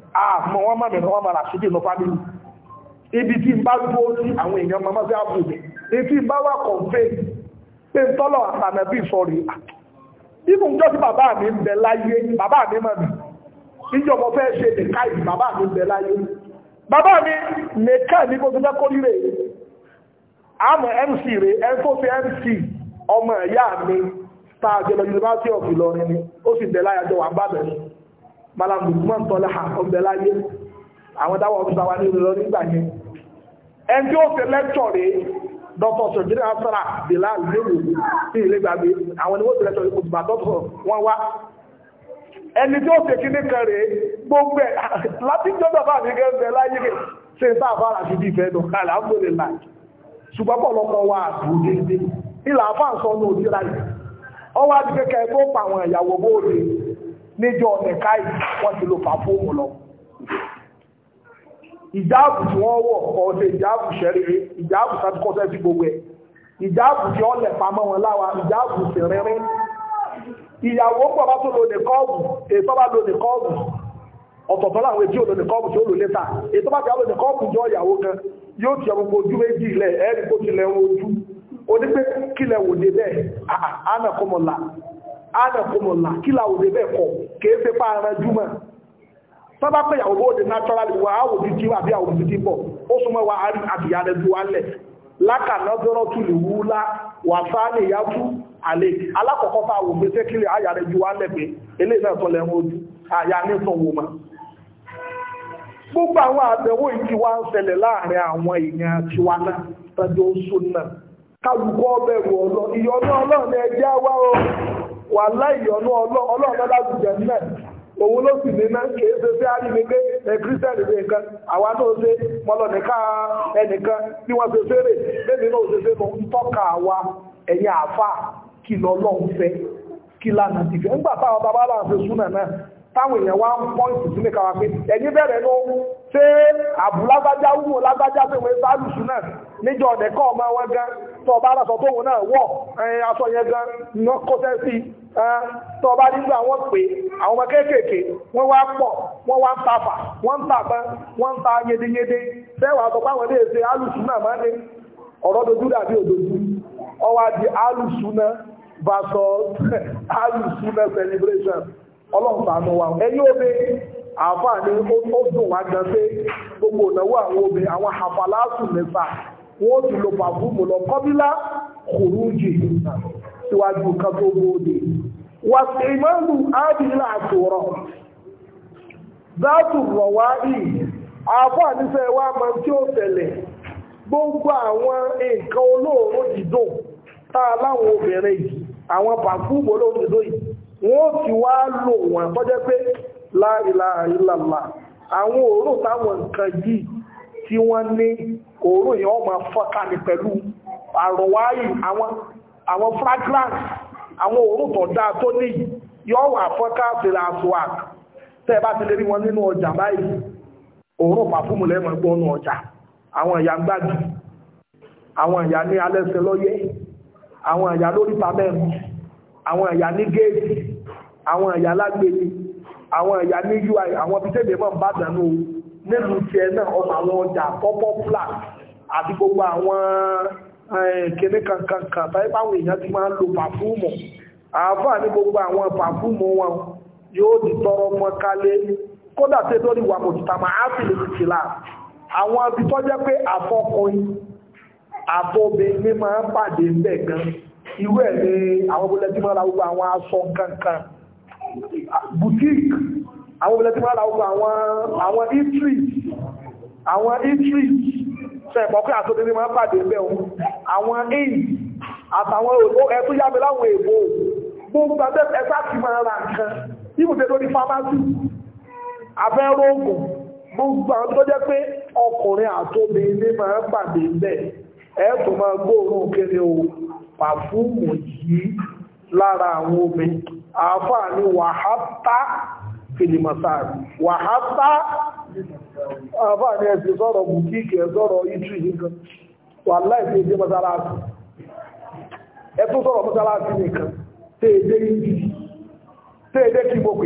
àmọ́ ah, wọ́n mọ̀ mẹ́rin wọ́n mara ṣídì ní fámílì ibi tí ń bá gbó sí àwọn èèyàn mọ́mọ́ sí ààbò mi ibi ń bá wà kọ̀ǹfẹ́ pé tọ́lọ̀ àtànàbí sọ̀rọ̀ ìbù ah, ń jọ́ sí bàbá mi ń bẹ láyé bàbá mi mọ̀ mi ìjọ mo fẹ́ ṣe nìka yìí bàbá mi ń bẹ láyé bàbá mi nìka ní mo ti fẹ́ kó líre àmọ́ mc rè ẹn tó mc ọmọ ìyá mi tá a University of Ìlọrin ni ó sì bẹ láyàjọ wà malam lukman tọ́láhà ọbẹ̀ láyé àwọn wa ní ìrọ̀lọ́ nígbà yẹn ẹni tí ó fi lẹ́tọ̀ rẹ̀ dr sojiri asara bilal lóru ní ilé gbàgbé àwọn ni wọ́n ti lẹ́tọ̀ ìkùtùbà dọ́tọ̀ wọn wá ẹni tí ó fi kíní kan rẹ̀ gbogbo ẹ̀ láti jọ́jọ́ bá mi gẹ́gẹ́ láyé rẹ̀ ṣe ń sáà fara sí ìfẹ́ dùn kálá ń láì ṣùgbọ́n pọ̀lọpọ̀ wa àdúró déédéé ilà níjọ́ ọ̀nẹ̀káì wọ́n ti lo pàfóòmù lọ ìjáàbù tí wọ́n wọ̀ ọ̀dẹ̀ ìjáàbù ṣẹ́rẹ̀rẹ̀ ìjáàbù sàtúkọ́sẹ́ sí gbogbo ẹ̀ ìjáàbù tí ó lẹ̀ pamọ́ wọn láwa ìjáàbù sí rẹ́rẹ́ ìyàwó pọ̀ bá tó lo nìkọ́ọ̀bù èyí tó bá lo nìkọ́ọ̀bù ọ̀tọ̀tọ̀ láwọn èjì olóde kọ́ọ̀bù tí ó lò lẹ́ta èyí tó bá ti olóde kọ́ọ̀bù jọ ìyàwó kan yóò ti ọgbogbo ojú méjì ilẹ̀ ẹ̀rí kó tilẹ̀ ojú onígbé kílẹ̀ wò dé bẹ́ẹ̀ àánà kọmọlà ánàkùnmọ̀lá kí làwọn òde bẹ́ẹ̀ kọ̀ kìí ṣe pa ara júmọ̀ sábà pé ìyàwó wà áwò títí wà bí àwòrán títí wa àrí àtìyá rẹ̀ ju gbogbo àwọn àbẹ̀wò wa ń ṣẹlẹ̀ láàrin àwọn èèyàn tiwa náà náà kálukọ́ ọlọ́run wà láìyọ̀nú ọlọ́ọ̀lọ́lá jùjẹ̀ náà òun ló sì ní náà kìí ṣe sí àríwígbé ẹ kírísítẹ́nì ní nǹkan àwa náà ṣe mọ́lọ̀nìká ẹnìkan bí wọ́n ṣe fẹ́rẹ̀ lẹ́ni náà ṣe fẹ́ mọ́ tọ́ka àwa ẹ̀yìn àfà kí lọ́lọ́run fẹ́ ń táwọn èèyàn wá ń pọ́ ìtùtùmí káwa pé ẹni bẹ̀rẹ̀ ló ṣé àbú lágbájá wúwo lágbájá pé wọ́n sáà lùsùn náà níjọ ọ̀dẹ̀ kọ́ ọmọ wọn gan tó ọba aláṣọ tó wọn náà wọ̀ aṣọ yẹn gan ní kó sẹ́ sí tó ọba nígbà wọn pè àwọn ọmọ kéékèèké wọ́n wá pọ̀ wọ́n wá ń tafà wọ́n ń tàbọn wọ́n ń ta yedeyede sẹ́wàá sọ pé àwọn ilé ìṣe alùsùn náà máa ń ní ọ̀rọ̀ dojú dàbí òdojú ọwọ́ àti alùsùn náà versus alùsùn náà celebration ọlọ́run ṣàánú wa ẹ̀yin obe àáfàá ni ó dùn wá gan pé gbogbo ìnáwó àwọn obe àwọn àfàlásù mẹ́fà wọ́n ti lo pàfúmù lọ kọ́bílá kòrújì síwájú kan tó gbóòdè wà sí ìmọ̀lù ábìlà àtòrọ̀ záàtù rọ̀ wá yìí àáfàá nífẹ̀ẹ́ wa máa tí ó tẹ̀lẹ̀ gbogbo àwọn nǹkan olóòórùn dídùn tá láwọn obìnrin àwọn pàfúmù olóòórùn dídùn yìí wọ́n ti wá lò wọ́n tọ́jẹ́ pé la ilaha illallah àwọn òórùn táwọn nǹkan yìí tí wọ́n ní òórùn yẹn wọ́n máa fọ́ta ní pẹ̀lú àrùnwáyì àwọn fragrance àwọn òórùn tó dáa tó ní yọ́ wà fọ́ká sílẹ̀ tẹ́ ti lè rí wọn nínú ọjà báyìí òórùn pàfúmù lẹ́mọ̀ gbọ́ nù ọjà àwọn ìyá ń gbàgbé àwọn ìyá ní alẹ́sẹ̀ lọ́yẹ́ àwọn ìyá lórí pamẹ́mù àwọn ìyá ní géètì àwọn ẹ̀yà lágbègbè àwọn ẹ̀yà ní ui àwọn bíṣẹ́bì mọ̀ bá dànù nílùú tiẹ̀ náà ọmọ àwọn ọjà pọ́pọ́ flat àti gbogbo àwọn kìnní kankankan tàbí báwọn èèyàn ti máa ń lo pàfúùmù àáfàá ní gbogbo àwọn pàfúùmù wọn yóò di tọrọ mọ́ kálé kódà tí tó ní wà mọ̀tútà máa á sì lè ti là àwọn ibi tó jẹ́ pé àfọkùnrin àfọbìnrin ní máa ń pàdé bẹ̀ gan irú ẹ̀ ní àwọn bọ́lẹ́tì máa ra gbogbo àwọn aṣọ kankan boutique àwọn obìnrin tí wọ́n ra ogun àwọn eateries àwọn eateries sẹ́ẹ̀pọ̀ pé àtòkèrè máa pàdé bẹ́ẹ̀ wọn àwọn aid àtàwọn ẹ̀tún yàgbé láwọn èbò gbogbo ẹ̀sà ti máa ra nǹkan ibùdó lórí pharmacy abẹ́rẹ́ ogun gbogbo àwọn tó jẹ́ pé ọkùnrin àtòbí ní máa pàdé bẹ́ẹ̀ ẹ̀tún máa gbóòórùn kéré o pàfúùmù yìí lára àwọn obìnrin a ni ni ẹ̀sìn sọ̀rọ̀ bùkíkì ẹ̀ sọ̀rọ̀ ìtù nìkan wà láìsí èdè mọ́sálásí ẹ tún sọ̀rọ̀ nìkan téèdé ìdí téèdé kí gbogbo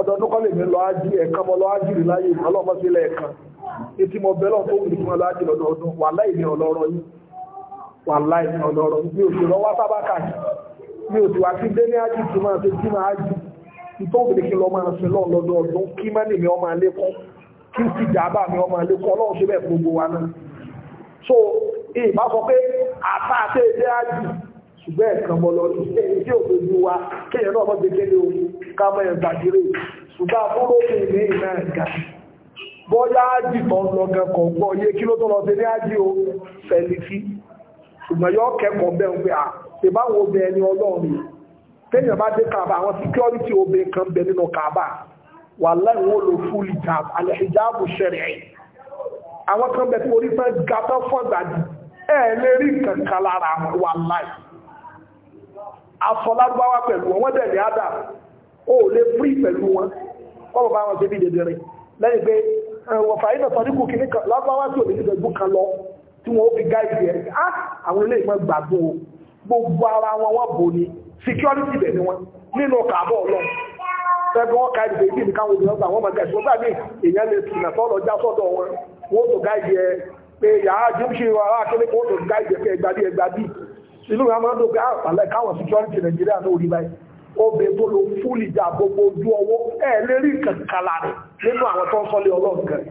ọ̀dọ̀ nukọ́lẹ̀ mi lọ ájí ẹ̀kan mọ́ lọ ájí etí bẹ́lọ̀ tó wùlù fún wà láì ní ọlọ́rọ̀ yìí wà láì ní ọlọ́rọ̀ yìí mi ò tiwa kí dẹ́ni ájì tí máa ṣe tí máa ájì ìtọ́ òbí kí lọ máa ṣe lọ́ọ̀ lọ́dọ̀ ọdún kí má nìmi ọmọ alẹ́kọ́ kí sì jàbá mi ọmọ alẹ́kọ́ ọlọ́run ṣe bẹ́ẹ̀ gbogbo wa náà so ìbá sọ pé àtà àti èdè ájì ṣùgbọ́n ẹ̀kan bọ́ lọ iṣẹ́ tí ò tó ju wa kéèyàn náà mọ́gbé kéde o ká mọ́ ẹ̀gbà jírè ṣùgbọ́n àbúrò mi ní ìná ẹ̀gà bọ́yá ájì tó ń lọ gan kan gbọ́ iye kí ló tó lọ sí ní ájì o fẹ̀lìtì ṣùgbọ́n à ìbáwọn obè ẹni ọlọ́run tẹ́yìn bá dé kàbà àwọn security obè kan bẹ nínú kàbà wà láìwọ́ lò full hijab alẹ́ hijabu ṣẹ̀rẹ̀ àwọn kan bẹ tí orí fẹ́ gàtọ́ fọ́gbàdì ẹ̀ lè rí nǹkan kan lára wà láì afọlágbáwá pẹ̀lú wọn dẹ̀ ní adam ó lè free pẹ̀lú wọn ọmọ bá wọn ṣe bí dèdè rẹ̀ lẹ́yìn pé wọ̀fà yìí nàtọ́ nípò kìnnìkan lágbáwá tí òmìnira ìgbú kan lọ tí wọ́n ó fi gáìdì ẹ̀ á ah! àwọn ilé ìmọ̀ gbogbo ara wọn wọ́n bò ní security bẹ̀ ni wọ́n nínú kàbọ̀ ọlọ́run fẹ́gbẹ́ wọn káàdì bèbí ní káwọn obìnrin ọgbà wọn mọ̀ gẹ̀ẹ́sì ọgbà míì èèyàn lè tìǹà sọ́lọ já sọ́dọ̀ wọn wọ́n tó gáìdì ẹ pé yàrá jíṣẹ́ ara kó tó gáìdì ẹ pé ẹgbàdí ẹgbàdí inú mi máa ń dò àpàlẹ̀ ah, káwọn security Nàìjíríà náà gbogbo ojú ọwọ́ ẹ̀ lérí nínú àwọn tó ń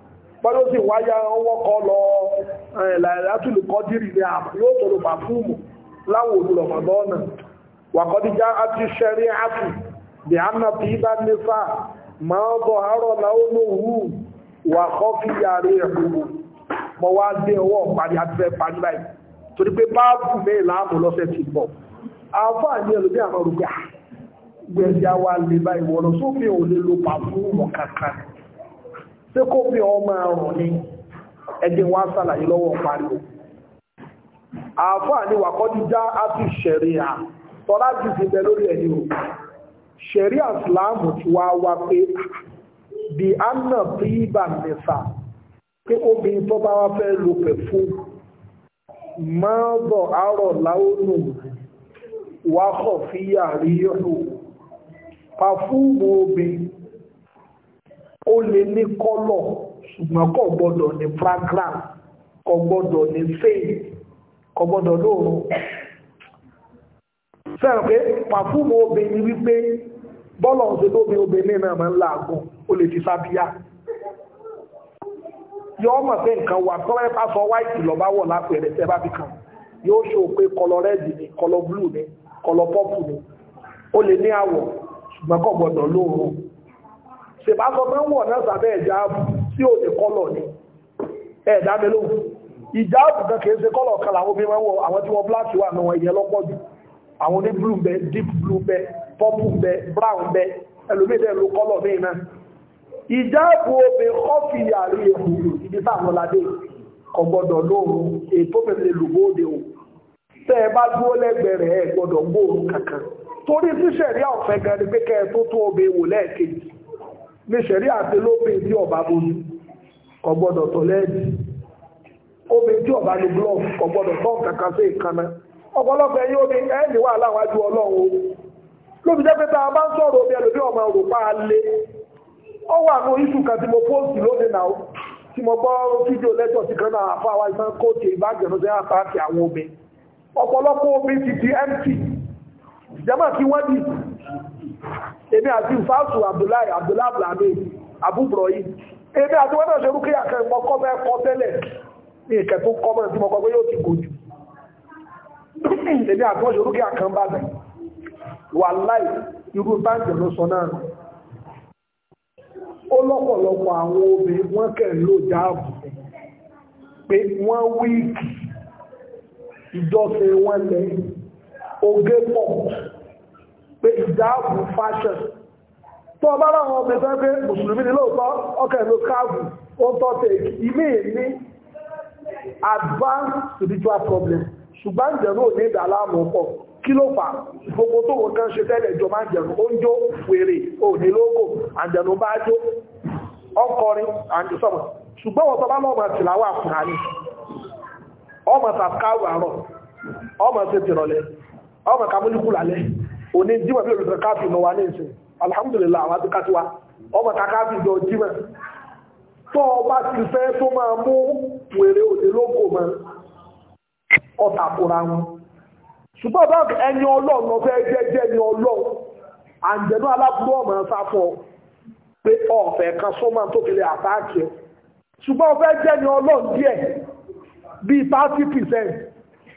bọ́lọ́ sì wáyá ọwọ́ kọ lọ látùlùkọ́ dìrì ní àmà yóò tọrọ pàfúùmù láwọn olùlọ̀mọ̀lọ́nà wàkọ́díjá àti ṣẹ́rí àtù bí a nà fi bá nífà máa ń bọ̀ àárọ̀ láwọ́lówù wà kọ́ fi yàrá ẹ̀kùnmù mọ́ wá dé ọwọ́ parí afẹ́ parí báyìí torí pé báàbù mẹ́rin láàmù lọ́sẹ̀ ti bọ̀ àfáàní ẹlòmí àwọn olùgbà ah, gbẹ̀dẹ̀ àwa lè báyìí wọ̀nà sófin ò pé kó fi ọmọ ọrùn ni ẹgbẹ́ wa ṣàlàyé lọ́wọ́ pariwo àáfàá ni wàkọ́díjá ápì ṣẹ̀ríà tọ́lá jù sí bẹ lórí ẹni o ṣẹ̀ríà ìsìláàmù ti wá wá pé bí anna bíbà nìfà pé obìnrin tó bá wá fẹ́ lo pẹ̀fún máa bọ̀ àárọ̀ láónù wákọ̀ fíyà rí yọ̀lù pàfúùmù obìnrin ó lè ní kọ́lọ̀ ṣùgbọ́n kò gbọ́dọ̀ ní fragrance kò gbọ́dọ̀ ní fade kò gbọ́dọ̀ lóòrùn sẹ́rọ̀ pé pàfúùmù obìnrin wípé bọ́lọ̀ ń ṣe lóbi obìnrin náà máa ń làágùn ó lè fi sábíyá yọ ọmọ pé nǹkan wà tọ́lá bá sọ white lọ bá wọ̀ lápẹ̀rẹ̀ tẹ́ bá fi kàn yóò ṣe pé kọlọ red ni kọlọ blue ni kọlọ purple ni ó lè ní àwọ̀ ṣùgbọ́n kò gbọ́dọ̀ lóòrùn ṣèbá sọ pé wọ̀ náà sàbẹ́ ẹ̀já tí ò ní kọ́lọ̀ ni ẹ̀dá mi lóhùn ìjà àbùkàn kìí ṣe kọ́lọ̀ kan làwọn obìnrin máa ń wọ àwọn tí wọ́n bláàkì wà náà ìyẹn lọ́pọ̀ àwọn oní blue deep blue bẹ purple bẹ brown lo kọ́lọ̀ míì náà ìjà àbù obìnrin kọ́fì àrí èkó ibi táwọn ládé kò gbọ́dọ̀ lóhùn ètò mẹ́lẹ̀ lùbóde o tẹ́ ẹ bá dúró lẹ́gbẹ̀ẹ́ rẹ̀ ẹ gbọ́dọ̀ gbóòrùn kankan torí tíṣẹ̀rí ọ̀fẹ́ gan ni pé kẹ́ tó tó obìnrin wò lẹ́ẹ̀kejì ní ṣẹ̀rí àti lópin tí ọba bojú kò gbọ́dọ̀ tó lẹ́ẹ̀dì obìnrin tí ọba ní glove kò gbọ́dọ̀ kankan sí ìkànnà ọ̀pọ̀lọpọ̀ ẹ̀yìn omi ẹ̀ẹ́dì wà láwájú ọlọ́run lóbi jẹ́ pé tá a bá ń sọ̀rọ̀ omi ẹlòmí ọmọ ọ wà ní kan tí mo náà tí mo gbọ́ fídíò jẹ́mọ̀ kí wọ́n dì èmi àti fásù Abdullahi Abdullahi blame abúbọ̀rọ̀ yìí èmi àti wọ́n náà ṣe rúkẹ́ àkẹ́ ìmọ̀kọ́ bẹ́ẹ̀ kọ́ tẹ́lẹ̀ ní ìkẹ́ tó kọ́ mọ́ ìtìmọ̀kọ́ pé yóò ti kò jù èmi àti wọ́n ìjọsìn wọn lẹ́yìn oge pọ̀ pe ìdáàbò fashion tó ọba láwọn ọmọ ẹgbẹ́ pé mùsùlùmí ụtọ lóòótọ́ ọkẹ̀ ló káàbù ó advanced spiritual problem ṣùgbọ́n jẹ̀rọ ní ìdàlámù pọ̀ kí ló fà gbogbo tó wọ́n kan ṣe tẹ́lẹ̀ ìjọba jẹ̀rọ ó ń òní lóko àjẹ̀rọ bá jó ọkọrin àjẹsọ́mọ̀ ṣùgbọ́n wọ́n tọ́bá lọ́mọ tìláwà fúnra ní ọmọ tàbí ọmọ kàmúlùkù lálẹ́ òní jímọ̀ bí olùsọ káàfì mọ̀ wà ní ìsìn alhamdulillah àwọn àtúkàtí wa ọmọ kàkáàfì jọ jímọ̀ tó ọba ti fẹ́ tó máa mú wèrè òde lóko mọ́ ọ̀tà kóra wọn ṣùgbọ́n bá ẹni ọlọ́run lọ fẹ́ jẹ́jẹ́ ni ọlọ́run àǹjẹ̀nú alábúrò ọmọ sáfọ́ pé ọ̀fẹ́ kan sọ́mọ́ tó fi lè àtàkì ẹ̀ ṣùgbọ́n ọfẹ́ jẹ́ ni ọlọ́run díẹ̀ bíi thirty percent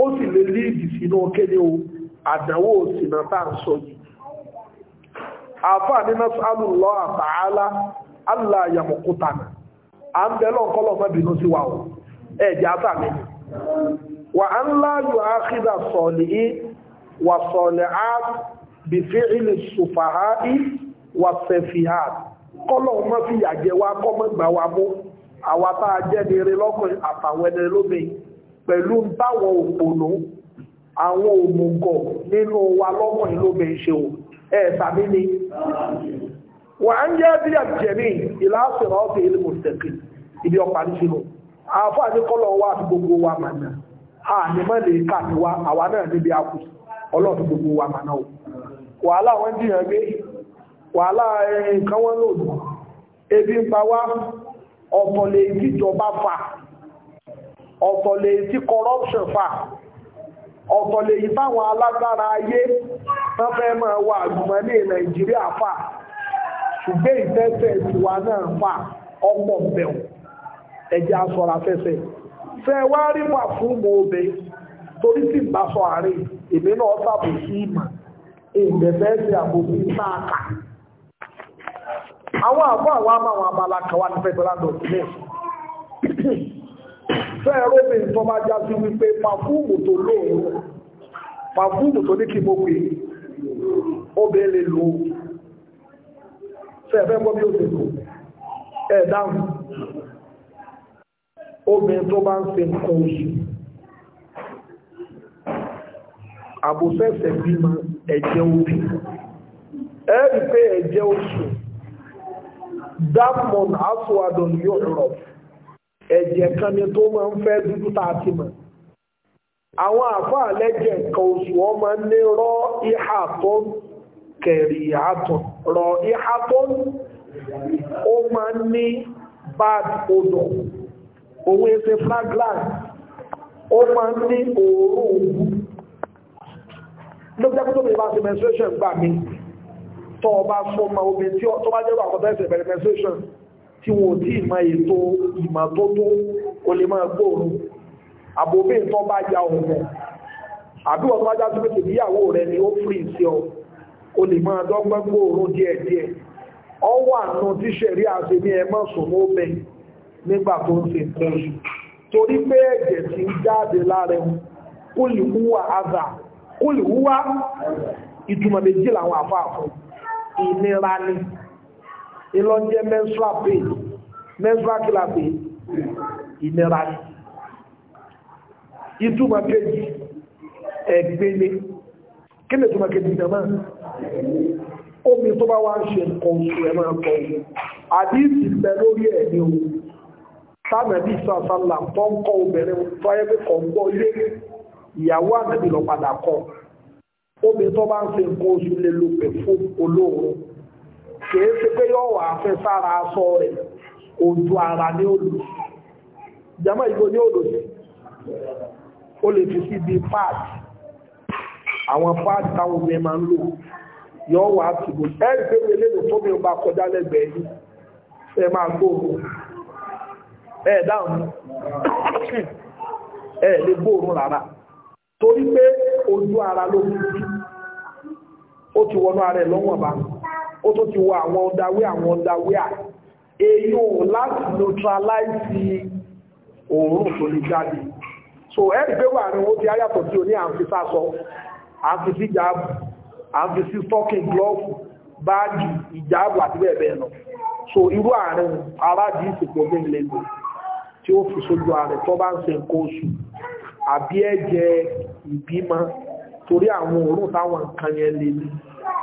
ó sì lè líìdì sínú kéde o àdánwò sínú tá à ń sọ yìí àfáà nínú alùlọ àtàálá allah yamukutana à ń bẹ lọ́nkọ́lọ́ mọ́bìnú sí wa o ẹ̀jẹ̀ àtàmì wà á ń láàyò àkídà sọ̀lì wà sọ̀lì á bìfẹ́ìlì sùfàhà wa kọ́ mọ́gbà wa mú àwa tá a jẹ́ ní eré lọ́kùnrin àtàwọn ẹni pẹ̀lú báwọn òpònú àwọn òmùgọ̀ nínú wa lọ́kùnrin ìlú bẹ ṣe o ẹ sàmí ni wà ń jẹ́ bí àjẹmí ìlàsìrò ọ̀fẹ́ ilé mọ̀sẹ̀kì ibi ọ̀pá ní ṣìlọ àáfà ní kọ́lọ̀ wà gbogbo wa lè wa náà níbi akù gbogbo o wàhálà dìyàn gbé wàhálà ebi ń pa wá ọ̀tọ̀lẹ̀ tí corruption fà ọ̀tọ̀lẹ̀ yìí táwọn alágbára ayé tán fẹ́ wà àgbùmọ̀ ní nàìjíríà fà ṣùgbẹ́ ìfẹ́fẹ́ tiwa náà fa ọmọ bẹ̀rù ẹjẹ́ asọ̀rọ̀ afẹ́fẹ́ fẹ́ wá rí wà fún torí àárín èmi fẹ́ẹ̀rọ mi tó bá já sí wípé pàfúùmù tó lóòrùn pàfúùmù tó ní kí mo pè obè lè lò fẹ́ẹ̀fẹ́ gbọ́ bí ó ti lò ẹ̀ dáhùn obìnrin tó bá ń ṣe nǹkan oṣù àbòsẹ́sẹ̀ bímọ ẹ̀jẹ̀ obì ẹ̀rí pé ẹ̀jẹ̀ oṣù dámọ̀n aṣọ àdọ̀lù yóò rọ̀pù ẹ̀jẹ̀ kan ni tó máa ń fẹ́ dúdú tá a ti mọ̀ àwọn àfáà lẹ́jẹ̀ nǹkan oṣù ọmọ ní rọ ìhà tó kẹrì àtọ̀ rọ ìhà tó ó máa ń ní bad odor òun ẹsẹ̀ fragrance ó máa ń ní òórùn òwú lóbi jẹ́kú tó bí bá ti menstruation gbà mí tọ́ ọba fún ọmọ obìnrin tí ọ tó bá jẹ́rú àkọ́tọ́ ẹsẹ̀ bẹ̀rẹ̀ menstruation tí wọ́n tí ìmọ̀ ètò ìmọ̀ tó tó o lè máa gbóòrùn àbòbí tó bá ya ọmọ àbí wọ́n bá jáde pé ìyàwó rẹ̀ ni ó fìrì sí ọ o lè máa dọ́gbọ́n gbóòrùn díẹ̀díẹ̀ ọ wà nù tí sẹ̀rí àṣẹ ní ẹmọ́ sùn ó bẹ̀ nígbà tó ń ṣe nǹkan oṣù torí pé ẹ̀jẹ̀ ti ń jáde lára kúlìwúwà àzà kúlìwúwà ìtumọ̀ méjì làwọn àfáàfọ́ ìnira ni ìlọ jẹ́ menstrual pain menstrual killer pain ìnira ni ìtumọ̀ kejì ẹ̀gbẹ́ni kí ni ìtumọ̀ kejì náà máa omi tó bá wá ń ṣe nǹkan oṣù ẹ̀ máa kọ́ àdíìsì bẹ lórí ẹ̀ ní o sánàbí sàṣàlà tó ń kọ́ obìnrin tó ayé pé kọ̀ ń gbọ́ ilé ìyàwó ànábì lọ padà kọ́ omi tó bá ń ṣe nǹkan oṣù lè lo pẹ̀fún olóòórùn kìí ṣe pé yọ wà fẹ́ sára aṣọ rẹ̀ ojú ara ní olù jama ìgbò ní olù sí o lè fi sí bí pad àwọn pad táwọn obìnrin máa ń lò yọ wà ti bò ẹ̀rì pé mi lélò tó mi bá kọjá lẹ́gbẹ̀ẹ́ yìí ṣe máa gbóòrò ẹ̀ dáhùn ẹ̀ lè gbóòrò rárá torí pé ojú ara ló fi sí ó ti wọnú ara ẹ̀ lọ́wọ́n bá mi ó tó ti wọ àwọn ọ̀dáwé àwọn ọ̀dáwé à èyí ò láti neutralize òórùn tó lè jáde so ẹ̀rì pé wà ní owó ti ayàtọ̀ tí o ní àǹfi sásọ àǹfi sí stocking glove báàgì ìjáàbù àti bẹ́ẹ̀ lọ so irú àárín aráàdì ìsìnkú ọdún ilé lò tí ó fi sójú ààrẹ tó bá ń ṣe nǹkan oṣù àbí ẹ̀jẹ̀ ìbímọ torí àwọn òórùn táwọn nǹkan yẹn lè ní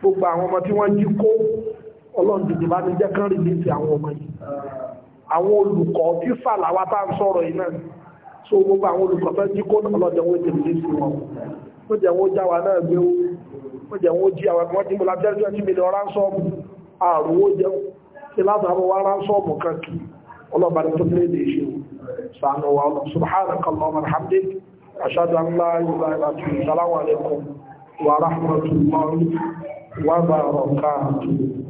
gbogbo àwọn ọmọ tí wọ́n jí kó ọlọ́run dìde bá ní jẹ́ kán rí létí àwọn ọmọ yìí àwọn olùkọ́ tí fàlàwà bá ń sọ̀rọ̀ yìí náà so gbogbo àwọn olùkọ́ tó jí kó ọlọ́dẹ wọ́n jẹ́ létí wọn ó jẹ́ wọ́n já wa náà gbé ó jẹ́ wọ́n jí àwọn ẹgbẹ́ tí mo lábẹ́ jẹ́ tí mi lọ ránṣọ́ọ̀mù àrùn ó jẹ́ tí látàbọ̀ wá ránṣọ́ọ̀mù kan kì ọlọ́ba ní tó lé lè ṣe sànù wa ọlọ́ subhanakallah alhamdulilayi ashadu an la ilaha illa anta salamu alaykum wa rahmatullahi وبركاته